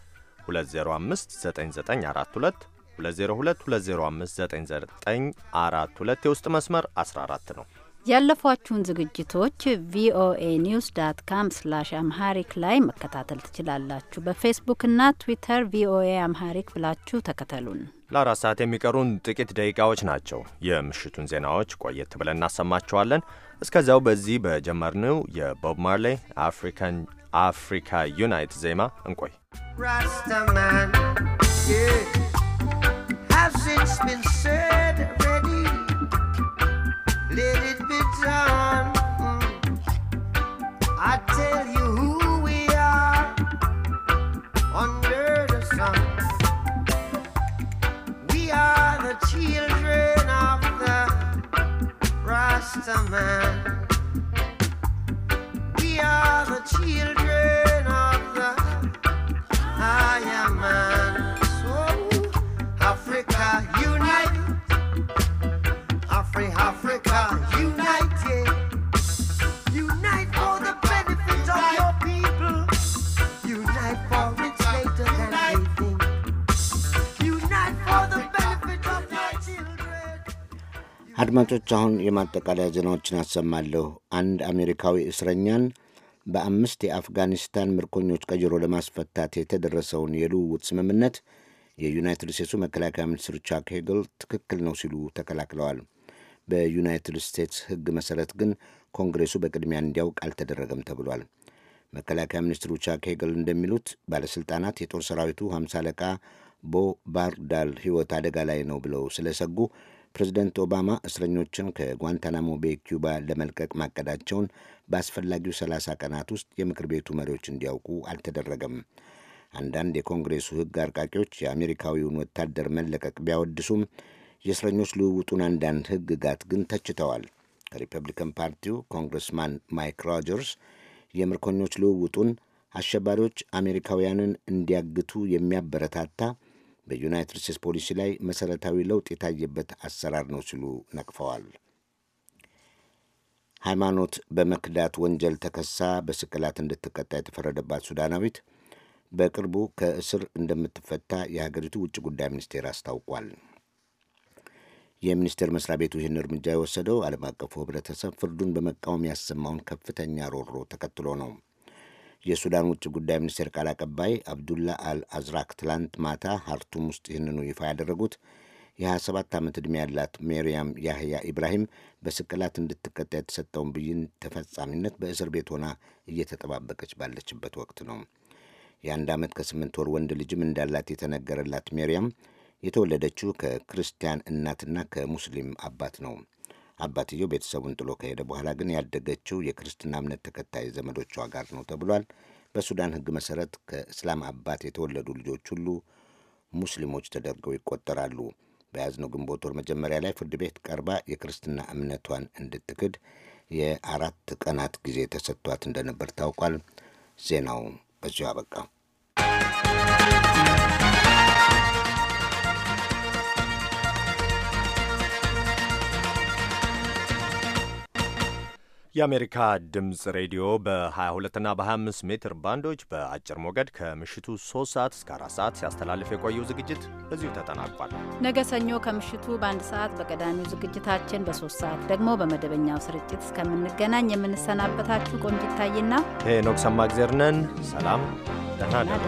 205 9942 202 205 9942 የውስጥ መስመር 14 ነው። ያለፏችሁን ዝግጅቶች ቪኦኤ ኒውስ ዳት ካም ስላሽ አምሃሪክ ላይ መከታተል ትችላላችሁ። በፌስቡክና ትዊተር ቪኦኤ አምሃሪክ ብላችሁ ተከተሉን። ለአራት ሰዓት የሚቀሩን ጥቂት ደቂቃዎች ናቸው። የምሽቱን ዜናዎች ቆየት ብለን እናሰማችኋለን። እስከዚያው በዚህ በጀመርነው የቦብ ማርሌ አፍሪካን አፍሪካ ዩናይት ዜማ እንቆይ። Rastaman, yeah. Has it been said already? let it be done. Mm. I tell you who we are under the sun. We are the children of the Rastaman. We are the children of the Higher man. አድማጮች፣ አሁን የማጠቃለያ ዜናዎችን አሰማለሁ። አንድ አሜሪካዊ እስረኛን በአምስት የአፍጋኒስታን ምርኮኞች ቀይሮ ለማስፈታት የተደረሰውን የልውውጥ ስምምነት የዩናይትድ ስቴትሱ መከላከያ ሚኒስትር ቻክ ሄግል ትክክል ነው ሲሉ ተከላክለዋል። በዩናይትድ ስቴትስ ሕግ መሠረት ግን ኮንግሬሱ በቅድሚያ እንዲያውቅ አልተደረገም ተብሏል። መከላከያ ሚኒስትሩ ቻክ ሄግል እንደሚሉት ባለሥልጣናት የጦር ሰራዊቱ 50 አለቃ ቦ ባርዳል ሕይወት አደጋ ላይ ነው ብለው ስለሰጉ ፕሬዚደንት ኦባማ እስረኞችን ከጓንታናሞ ቤ ኪዩባ ለመልቀቅ ማቀዳቸውን በአስፈላጊው 30 ቀናት ውስጥ የምክር ቤቱ መሪዎች እንዲያውቁ አልተደረገም። አንዳንድ የኮንግሬሱ ሕግ አርቃቂዎች የአሜሪካዊውን ወታደር መለቀቅ ቢያወድሱም የእስረኞች ልውውጡን አንዳንድ ሕግጋት ግን ተችተዋል። ከሪፐብሊካን ፓርቲው ኮንግረስማን ማይክ ሮጀርስ የምርኮኞች ልውውጡን አሸባሪዎች አሜሪካውያንን እንዲያግቱ የሚያበረታታ በዩናይትድ ስቴትስ ፖሊሲ ላይ መሠረታዊ ለውጥ የታየበት አሰራር ነው ሲሉ ነቅፈዋል። ሃይማኖት በመክዳት ወንጀል ተከሳ በስቅላት እንድትቀጣ የተፈረደባት ሱዳናዊት በቅርቡ ከእስር እንደምትፈታ የሀገሪቱ ውጭ ጉዳይ ሚኒስቴር አስታውቋል። የሚኒስቴር መስሪያ ቤቱ ይህን እርምጃ የወሰደው ዓለም አቀፉ ህብረተሰብ ፍርዱን በመቃወም ያሰማውን ከፍተኛ ሮሮ ተከትሎ ነው። የሱዳን ውጭ ጉዳይ ሚኒስቴር ቃል አቀባይ አብዱላ አል አዝራክ ትላንት ማታ ሀርቱም ውስጥ ይህንኑ ይፋ ያደረጉት የ27 ዓመት ዕድሜ ያላት ሜርያም ያህያ ኢብራሂም በስቅላት እንድትቀጣ የተሰጠውን ብይን ተፈጻሚነት በእስር ቤት ሆና እየተጠባበቀች ባለችበት ወቅት ነው። የአንድ ዓመት ከስምንት ወር ወንድ ልጅም እንዳላት የተነገረላት ሜርያም የተወለደችው ከክርስቲያን እናትና ከሙስሊም አባት ነው። አባትየው ቤተሰቡን ጥሎ ከሄደ በኋላ ግን ያደገችው የክርስትና እምነት ተከታይ ዘመዶቿ ጋር ነው ተብሏል። በሱዳን ሕግ መሰረት ከእስላም አባት የተወለዱ ልጆች ሁሉ ሙስሊሞች ተደርገው ይቆጠራሉ። በያዝነው ግንቦት ወር መጀመሪያ ላይ ፍርድ ቤት ቀርባ የክርስትና እምነቷን እንድትክድ የአራት ቀናት ጊዜ ተሰጥቷት እንደነበር ታውቋል። ዜናው በዚሁ አበቃ። የአሜሪካ ድምፅ ሬዲዮ በ22ና በ25 ሜትር ባንዶች በአጭር ሞገድ ከምሽቱ 3 ሰዓት እስከ 4 ሰዓት ሲያስተላልፍ የቆየው ዝግጅት በዚሁ ተጠናቋል። ነገ ሰኞ ከምሽቱ በአንድ ሰዓት በቀዳሚው ዝግጅታችን፣ በሶስት ሰዓት ደግሞ በመደበኛው ስርጭት እስከምንገናኝ የምንሰናበታችሁ ቆንጅታይና ሄኖክ ሰማግዜር ነን። ሰላም፣ ደህና ደሩ።